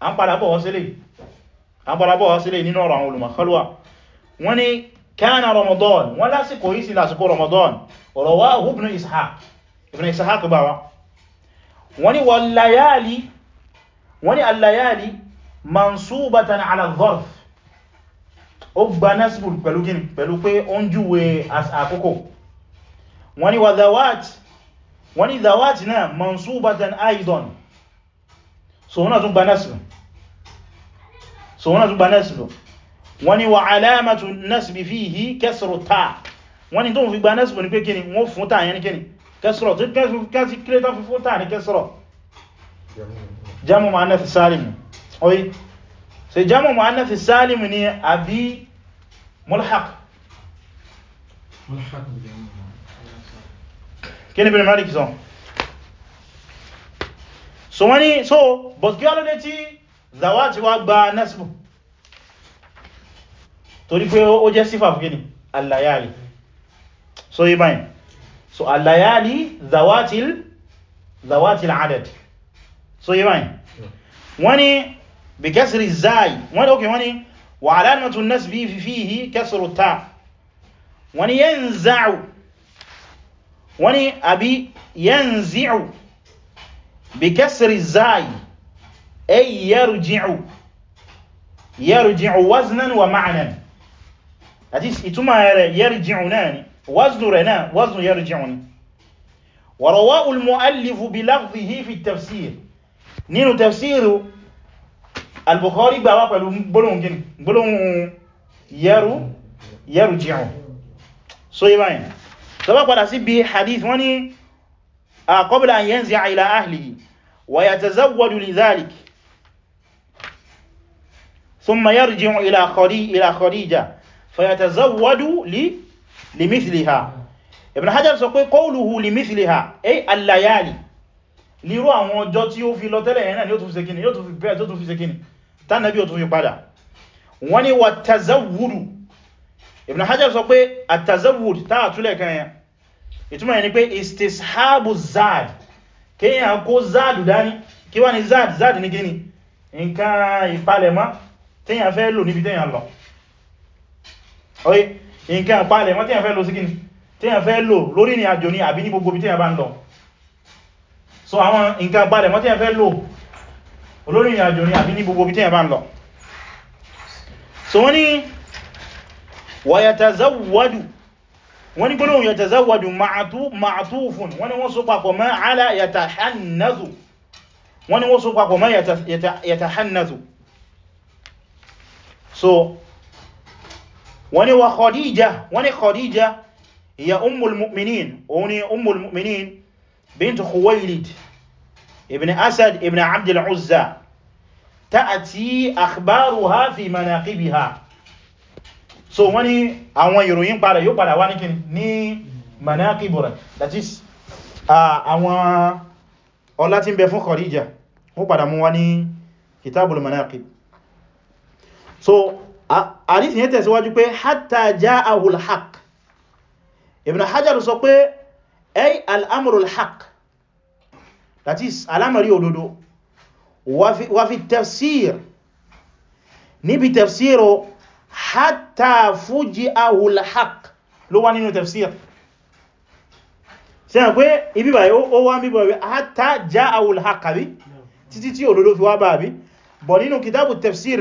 an padà bọ̀ wá sílé an padà bọ̀ wá sílé nínú ọ̀rọ̀ àwọn olùmọ̀ khalwa wani kana ramadan wọ́n lásìkò yìí sí lásìkò ramadan rawahu ibn ishaq ibn ishaq gbà wá wani wọ́n ní alayali mansubatan ala dharf ó gba nasbù pẹ̀lú gini pẹ̀lú pé ó ń júwe àkókò wọ́n ní wadawat wọ́n ní dawat náà mansubatan aidan so wọ́n tún gba nasbù so wọ́n tún gba nasbù wọ́n ní wa alamatu nasbi fihi kasru ta wọ́n ní tó fi gba nasbù ní pé kíni wọ́n fún ta yẹn kíni kasru tí kẹsìrò tí kẹsìrò jamu mu'annath salim oyi ṣé jamu mu'annath salim ni àbí mulhaq mulhaq kí ni Ibn Malik sọ so wọ́n ni so but kí alóde tí zawati wá gba nasbu torí pé ó jẹ́ sífà fún gini allayali so yí báyìí so allayali zawatil zawatil adad so yí báyìí wọ́n ni bí kẹsìrì záì wọ́n ni ok wọ́n ni wà alamatu nasbi fihi kẹsìrì ta wọ́n ni yẹn záù wọ́n ni àbí yẹn zíù bí kẹsìrì záì ay yarji'u yarji'u waznan wa ma'nan that is ìtumọ̀ rẹ̀ yarji'u náà waznu rẹ̀ náà waznu yarji'u ni wa rawahu al bi lafzihi fi tafsir nínú tafsiru al-Bukhari gbà wá pẹ̀lú gbólóhùn gini gbólóhùn yẹrù yẹrù jẹun so yí báyìí tó bá padà sí bí hadith wọ́n ni qabla an yanzi'a ila ahlihi wa yatazawwadu li dhalik thumma yarji'u ila khari ila Khadija fayatazawwadu li limithliha Ibn Hajar sọ pé qawluhu limithliha ay al-layali líró àwọn ọjọ́ tí ó fi lọ tẹ́lẹ̀ ẹ̀nà ni ó tún fi sekini yóò tún fi bẹ́ẹ̀ tó tún fi sekini tánàbí ó tún fi padà wọ́n ni wà tazawudu Ibn Hajar sọ pé àtazawud táà túlẹ̀ kan yẹn ìtumọ̀ ni pé istishabu zad kíyàn kó zad dání kí ni zad zad ní fẹ́ lò lórí ni àjò ní àbí ní gbogbo bí tíyàn bá ń lọ so àwọn nǹkan agbálẹ̀ mọ́ tí ẹ fẹ́ lò olórin ìrìn àjò ní àbí ní gbogbo bí tí ẹ bá ń lọ so wọ́n ni wa yatazawwadu wọ́n ni gbónáhùn yatazawwadu ma'atufun wọ́n ni wọ́n so papọ̀ mọ́ ala yatahannathu wọ́n ni wọ́n so papọ̀ mọ́ yatahannathu so wọ́n ni wa khadija wọ́n ni khadija hiya ummul mu'minin òun ni ummul mu'minin بنت خويلد ابن أسد ابن عبد العزى تأتي أخبارها في مناقبها so wọ́n ní àwọn ìròyìn padà yóò padà wá ní kí that is àwọn ọlá tí ń bẹ fún Khadija ó padà mú wá kitabul manaqib so àdísì yẹn tẹ̀síwájú pé hatta ja'ahul haqq Ibn Hajar sọ pé ay al'amurul haq that is alamari òdodo wa fi tafsir níbi tafsiro hatta fuji ahul haq ló wá nínú tafsir ṣe pé ibi báyìí ó wá níbi báyìí hatta já ahul haq àbí títí tí òdodo fi wá bá àbí bọ̀ nínú kitabu tafsir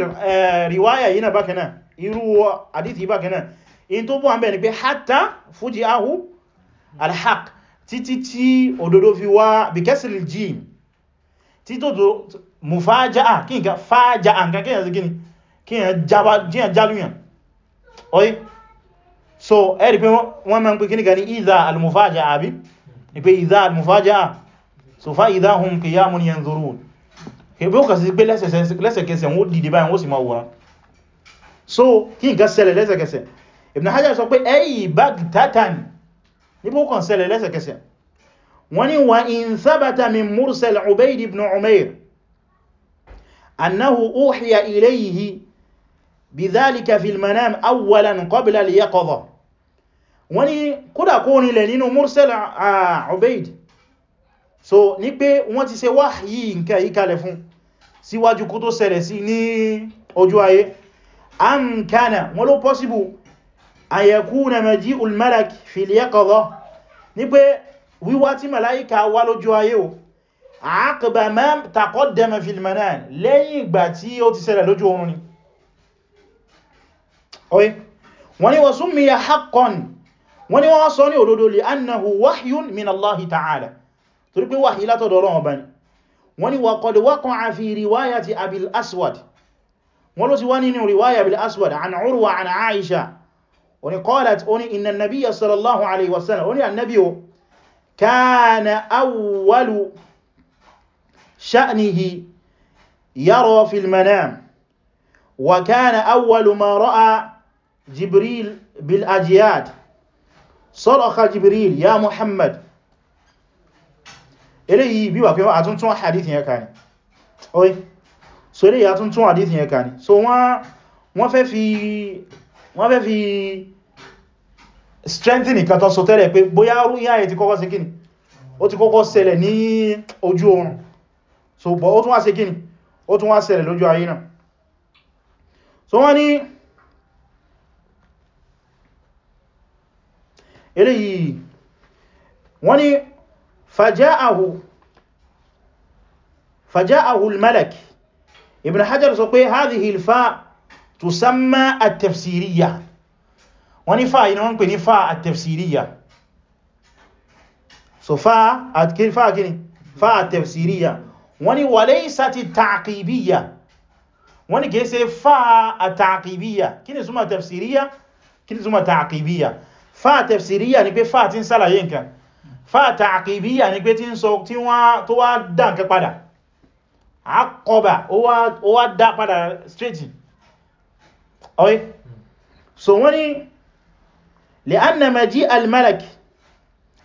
riwaya yìí na bákanáà irú hadithi bákanáà in tó bọ́ hàn bẹ́ẹ̀ ni pé hatta fuji ahul haq títí tí òdodo fi wá bí kẹsìrì jíìn tí tó tó mú fàájáà kí n ká fàájáà nǹkan kí gíní kí n jálúyàn oye so ẹ̀rì pé wọ́n mẹ́ ń pè kí ní gani ìdá almufaja'a bí ní pé ìdá almufaja'a so fa ìdá hum qiyamun yanzurun ẹgbẹ́ ó kà sí pé lẹ́sẹ̀kẹsẹ̀ wọ́n dìde báyìí wọ́n so kí n ká ṣẹlẹ̀ lẹ́sẹ̀kẹsẹ̀ Ibn Hajar sọ pé ẹ̀yì baghtatan níbò kan ṣẹlẹ̀ lẹ́sẹ̀kẹsẹ̀ wọ́n ni wa in thabata min mursal ubaid ibn umair annahu uhiya ilayhi bidhalika fil manam awwalan qabla al yaqadha wọ́n ni kódà kó nílẹ̀ nínú mursal ubaid so ní pé wọ́n ti ṣe wahyi nǹkan yí kalẹ̀ fún síwájú kó tó ṣẹlẹ̀ sí ní ojú ayé am kana wọ́n ló possible àyẹ̀kúnà mẹ́jí ulmalak fìlíẹ́kọ̀ọ́ ní pé wíwá tí màláíkà wá lójú ayé o àákàbà mẹ́m taqaddama fil manan lẹ́yìn ìgbà tí ó ti ṣẹlẹ̀ lójú oorun ni oye wọ́n ni wa summiya haqqan wọ́n ni wọ́n sọ ní òdodo li annahu wọ́n ni wọ́n ló ti oni qalat oni inna nabiyya sallallahu alaihi wasallam oni annabi o kana awwalu sha'nihi yara fil manam wa kana awwalu ma ra'a jibril bil ajyad صرخ جبريل يا محمد eléyìí bí wà pé a tún tún hadith yẹn kàní oi so eléyìí a tún tún hadith yẹn kàní so wọ́n fẹ́ fi wọ́n fẹ́ fi strengthen nǹkan tó sọ tẹ́lẹ̀ pé bóyá rúyà ẹ̀ ti kọ́kọ́ ṣe kíni ó ti kọ́kọ́ ṣẹlẹ̀ ní ojú oorun so bọ̀ ó tún wá ṣe kíni ó tún wá ṣẹlẹ̀ lójú ayé náà so wọ́n ní eléyìí wọ́n ní fàjáàhù fàjáàhù al ibn hajar sọ pé hadhihi al tusamma at-tafsiriyya wọ́n ní fáà yìí wọ́n ń pè ní fáà àtẹ̀fsìríyà so fáà kìí fáà àtẹ̀fsìríyà wọ́n ní walaysa tààkìbíyà wọ́n ní kìí ṣe fáà àtààkìbíyà kí ni súnmọ̀ tẹ̀fsìríyà kí ni súnmọ̀ tààkìbíyà fáà tẹ̀fsìríyà ni pé fáà tí ń sálàyé nǹkan fáà tààkìbíyà ni pé tí ń sọ tí wọ́n so wọ́n li'anna maji al-malak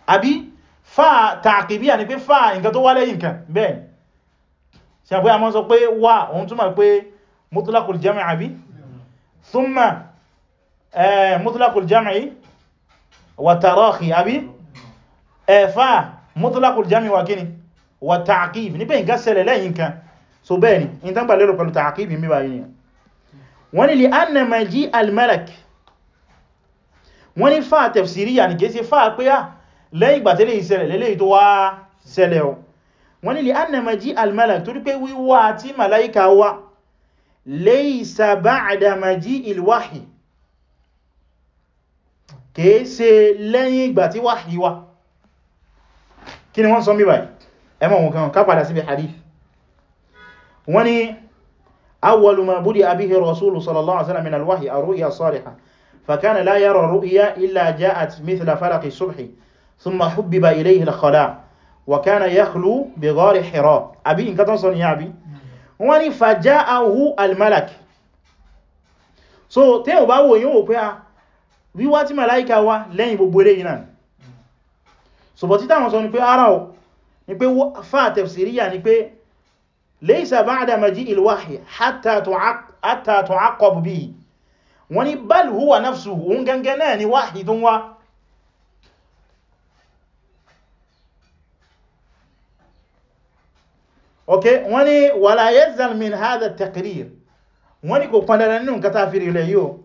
àbí fa ta'qibiyya ni pé fa nǹkan tó wá lẹ́yìn kan bẹ́ẹ̀ ṣe àpé a mọ́ sọ pé wà ohun túnmà pé mutlaqul jam'i àbí thumma mutlaqul jam'i wa tarakhi àbí fa mutlaqul jam'i wa kíni wa ta'qib ní pé nǹkan ṣẹlẹ̀ lẹ́yìn kan so bẹ́ẹ̀ ni wọ́n ní fáà tẹ̀fsìríyà ní kéèsí fáà pé à lẹ́yìn ìgbà tẹ́lẹ̀ ìṣẹ̀lẹ̀ lẹ́lẹ́ tó wá ṣẹlẹ̀ o wọ́n ní lè annama jí almalak torí pé wíwá tí malaika wá laysa ba'da maji ilwahi kéèsí lẹ́yìn ìgbà tí wáhì wá فكان لا يرى رؤيا إلا جاءت مثل فلق الصبح ثم حبب إليه الخلاء وكان يخلو بغار حراء أبي إن كتن صنع أبي واني فجاءه الملك so tí ó bá wò yín wò pé a ah, wíwá tí màláíkà wá lẹ́yìn gbogbo eléyìí náà ṣùgbọ́n títà wọn sọ ni pé ara ọ̀ ni pé fà tafsiriya ni pé laysa ba'da maji'il wahyi hatta tu'aqqab bihi wọ́n ní bal huwa nafsuhu ń gangan náà ni wahidun wá ok wọ́n ní wala yalzam min hadha at-taqrir wọ́n ní kò pàdàrà nínú kata fi rilẹ̀ yóò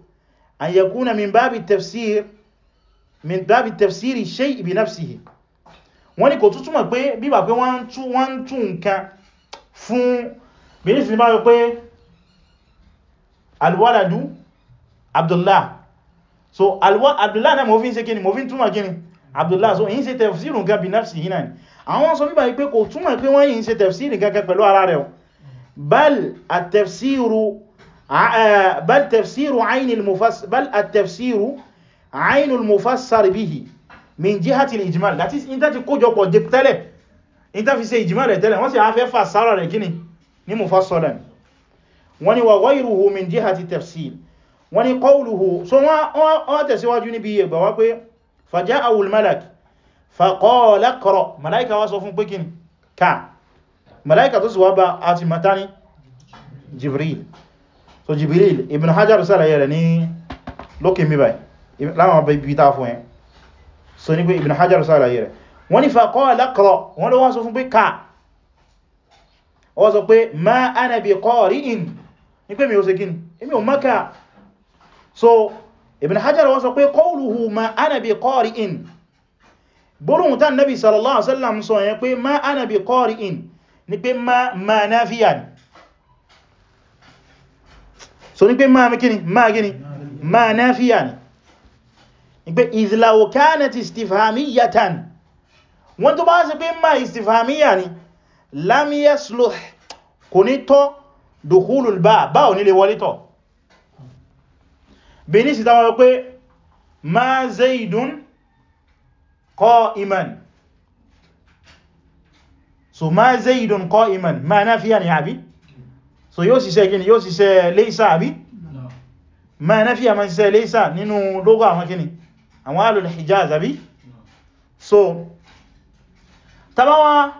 an yakuna min babi tafsir min babi tafsiri shay' bi nafsihi wọ́n ní kò tútùmọ̀ pé bíbà pé wọ́n tún nǹkan fún bí nísìnyí abdullah so alwa abdullah náà mo fi ń ṣe kíni mo fi ń túmọ̀ kíni abdullah so yí ń ṣe tefsiru nǹkan bí nafsi yí náà ni àwọn sọ bíbá pé kò túmọ̀ pé wọ́n yí ń ṣe tefsiru nǹkan pẹ̀lú ara rẹ̀ bal at-tafsiru bal tefsiru ainul mufassar bal at-tafsiru ainul mufassar bihi min jihati al-ijmal that is in ta ti kójọpọ̀ jẹ tẹ́lẹ̀ in ta fi ṣe ijmal rẹ̀ tẹ́lẹ̀ wọ́n sì afẹ́ fà sára rẹ̀ kíni ní mufassalan wọ́n wa ghayruhu min jihati tafsir wọ́n ni qawluhu so wọ́n tẹ̀síwájú níbi ẹgbà wá pé faja'ahu al-malak faqala iqra malaika wá sọ fún pé kí ká malaika tó sì wá bá àti matani jibril so jibril ibn hajar sálàyé rẹ̀ ní lókè mìíràn láwọn bí ta fún ẹ so ní pé ibn hajar sálàyé rẹ̀ wọ́n ni faqala wọ́n ló wá sọ fún pé ká ó sọ pé ma ana bi qari'in ní pé mi ò ṣe kí ni èmi ò maka so ibn hajar wọ́n sọ pé qawluhu ma ana bi qari'in gbóòrùn tán nabi sallallahu alaihi wasallam sọ yẹn pé ma ana bi qari'in ni pé ma ma nafiya ni so ni pé ma mikini ma gini ma nafiya ni ni pé izlaw kanat istifhamiyatan wọ́n tó bá ṣe pé ma istifhamiyya ni lam yasluh kò ní tọ́ dukhulul bá báwọn nílé wọlé tọ́ benin sí tàwọn pé ma zaidun qa'iman so ma zaidun qa'iman ma nafiya ni àbí so yóò ṣiṣẹ́ gini yóò ṣiṣẹ́ laysa àbí ma nafiya ma ṣiṣẹ́ laysa nínú logo àwọn kini àwọn alul hijaz àbí so tabawa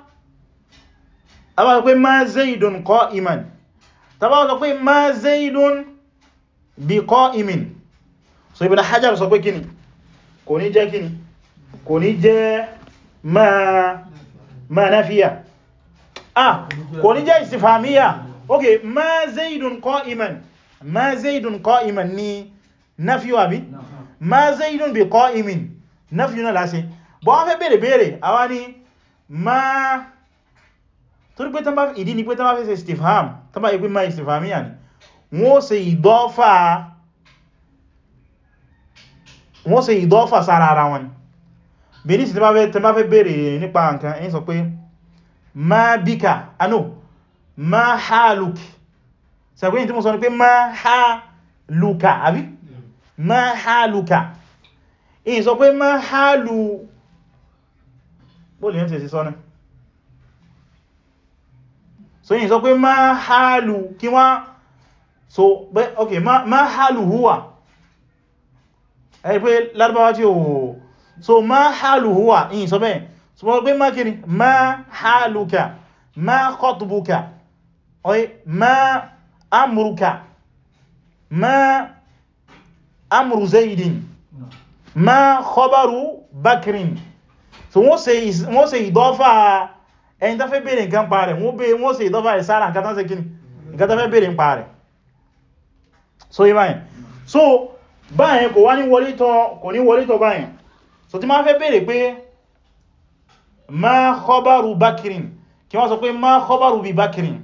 àwọn pé ma zaidun qa'iman tabawa pé ma zaidun bi qa'imin so Ibn Hajar sọ pé kíni kò ní jẹ́ kíni kò ní jẹ́ ma nafiya ah kò ní jẹ́ istifamiya ok ma zaidun qa'iman ma zaidun qa'iman ni nafiyu abi ma zaidun bi qa'imin nafiyu na lásí bọ́ wọ́n fẹ́ bèèrè bèèrè àwa ni ma torí pé ìdí ni pé tán bá fẹ́ istifam tán bá ma istifamiya ni wọ́n ṣe ìdọ́fà wọ́n ṣe ìdọ́fà sára ara wọn bí sí tẹ bá fẹ́ bèèrè nípa nǹkan ẹni sọ pé ma bíkà anú ah, ma hálùkì sàgbé ní tí mo sọ ní pé ma hálùkà àbí ma mm. hálùkà ẹni sọ pé ma hálù bóòlù yẹn tẹ̀sí sọ́nà so yìí sọ pé ma hálù kí wọ́n so ok ma hálù húwà ẹ̀rí pé lárúbáwá tí ó so ma hálù huwa in sọ bẹ́ẹ̀ so wọ́n pé má kiri ma hálùka ma khotbuka ọ̀yí ma amruka ma amru zaidin ma khabaru bakrin so wọ́n ṣe ìdọ́fà ẹni tó fẹ́ bèèrè nǹkan pa rẹ̀ wọ́n ṣe ìdọ́fà ìsára nǹkan tó fẹ́ bèèrè nǹkan pa rẹ̀ so yíba so báyẹn kò wá ní wọlé tọ́ kò ní wọlé tọ́ báyẹn so tí ma fẹ́ bèèrè pé ma khabaru bakirin kí wọ́n sọ pé ma khabaru bi bakirin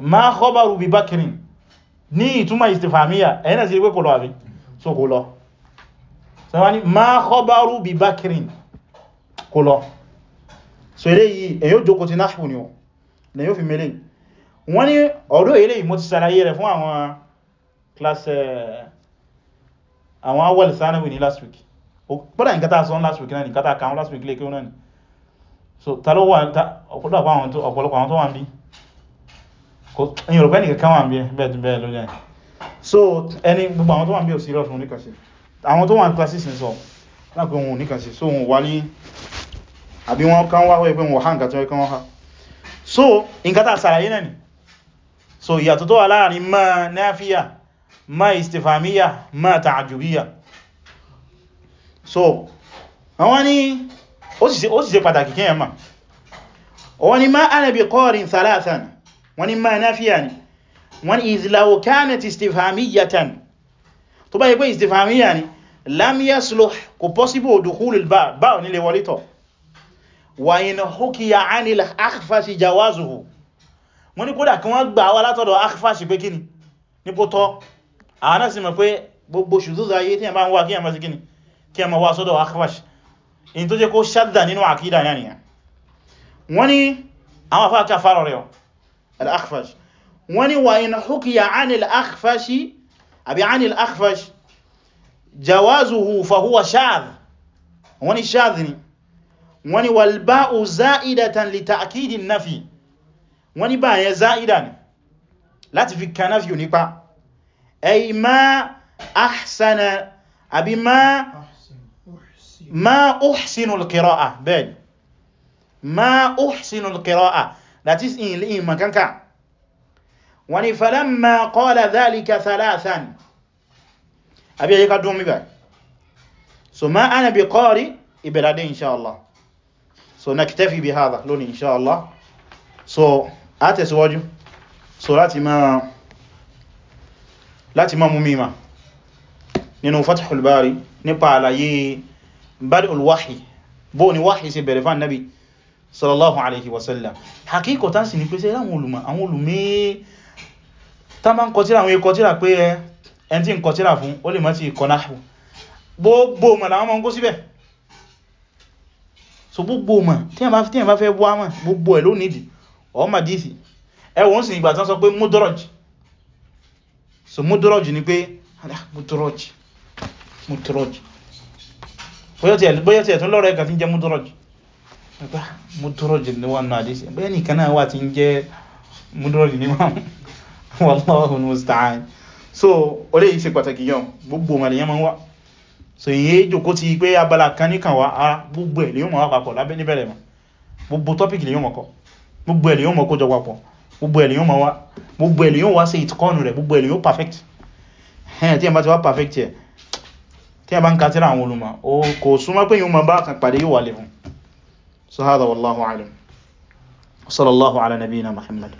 ma khabaru bi bakirin ní ìtumọ̀ istifamiya ẹ̀yìn náà sí pé kò lọ àbí so kò lọ so wá ní ma khabaru bi bakirin kò lọ so eléyìí èyí ó jókòó ti náà fún ni ó lẹ́yìn ó fi mẹ́lẹ̀ wọ́n ní ọ̀dọ́ eléyìí mo ti ṣàlàyé rẹ̀ fún àwọn class eh, àwọn awọ́l sanawi ní last week bọ́dá nǹkan tàà sọ last week náà nǹkan tàà kàwọn last week lè kí o náà ni so ta ló wà ọ̀pọ̀lọpọ̀ àwọn tó wà ń bí ẹ̀yìn òrùpẹ́ nìkan kan wà ń bí bẹ́ẹ̀ bẹ́ẹ̀ ló jẹ́ so ẹni gbogbo àwọn tó wà ń bí ò sí lọ́sùn oníkan sí àwọn tó wà ń classes ní sọ lápẹ́ ohun oníkan sí so wọn wà ní àbí wọn kan wá wẹ́ pé wọn hàn kàtí wọn ha so nǹkan tàà sàlàyé náà ni so ìyàtọ̀ tó wà láàrin mọ́ náfíà ma istifamiya ma ta'ajubiya so àwọn ni ó sì ṣe pàtàkì kíyàn ma wọ́n ni ma ana bi qarin thalathan wọ́n ni ma nafiya ni wọ́n ni izlawo kanat istifamiyatan tó bá yí pé istifamiya ni lam yasluh kò possible dukhulul ba ba ni le wọlítọ̀ wa in hukiya anil akhfashi jawazuhu wọ́n ni kódà kí wọ́n gbà wá látọ̀dọ̀ akhfashi pé kíni ní kó tọ́ àánà sí mọ̀ pé gbogbo ṣùzúzà ayé tí a bá ń wá kí a máa sí kíni kí a máa wá sọ́dọ̀ akhfash in tó jẹ́ kó ṣádà nínú àkídà yà nìyà wọ́n ni àwọn afá ká fara rẹ̀ al-akhfash wọ́n ni wà in hukiya anil akhfashi àbí anil akhfash jawazuhu fahuwa shadh wọ́n ni shadh ni wọ́n ni wal ba'u za'idatan li ta'kidin nafi wọ́n ni bá yẹn za'ida ni láti fi kanáfíò nípa أي ما أحسن أبي ما ما أحسن القراءة بل ما أحسن القراءة that is in in مكانك وني فلما قال ذلك ثلاثا أبي أجيك أدوم بي so ما أنا بقاري إبرادي إن شاء الله سو نكتفي بهذا لوني إن شاء الله سو أتسواجه so لاتي ما láti mọ́ mú mímá nínú Fathul Bari nípa àlàyé bad'ul wahyi bó ni wahyi ṣe bẹ̀rẹ̀ fán nabi sallallahu alaihi wasallam hakikotan sì ni pé sẹ́rẹ̀ àwọn olùmọ̀ àwọn olùmọ̀ ta ma ń kọtíra àwọn ikọtíra pé ẹn tí ń kọtíra fún ó lè mọ́ ti kọ náà gbogbo mọ̀ làwọn mọ́ ń kó síbẹ̀ so gbogbo so mudrọ́jì ni pé mudrọ́jì mudrọ́jì bóyá tí ẹ̀tún lọ́rọ̀ ẹ̀kà tí ń jẹ́ mudrọ́jì nípa mudrọ́jì ní wọ́n náà dìísẹ̀ bóyá nìkan náà wà tí ń jẹ́ mudrọ́jì ní wọ́n wallahu musta'an so olè yìí ṣe pàtàkì yàn gbogbo ọmọ ènìyàn máa ń wá so ìyẹ́ ìjòkó ti pé abala kan níkan wá ara gbogbo ẹ̀ lè yóò mọ̀ wá papọ̀ lábẹ́ níbẹ̀rẹ̀ mọ̀ gbogbo tọ́pìkì lè yóò mọ̀ kọ gbogbo ẹ̀ lè yóò mọ̀ kó jọ papọ̀ gbogbo ẹ̀lẹ̀ yóò ma wá gbogbo ẹ̀lẹ̀ yóò wá sí ìtìkọ́nù rẹ̀ gbogbo ẹ̀lẹ̀ yóò perfect ẹ̀yẹn tí ẹ bá ti wá perfect ẹ̀ tí ẹ bá ń ka tíra àwọn olùmọ̀ o kò súnmọ́ pé yóò ma bá kan pàdé yóò wà lè muhammad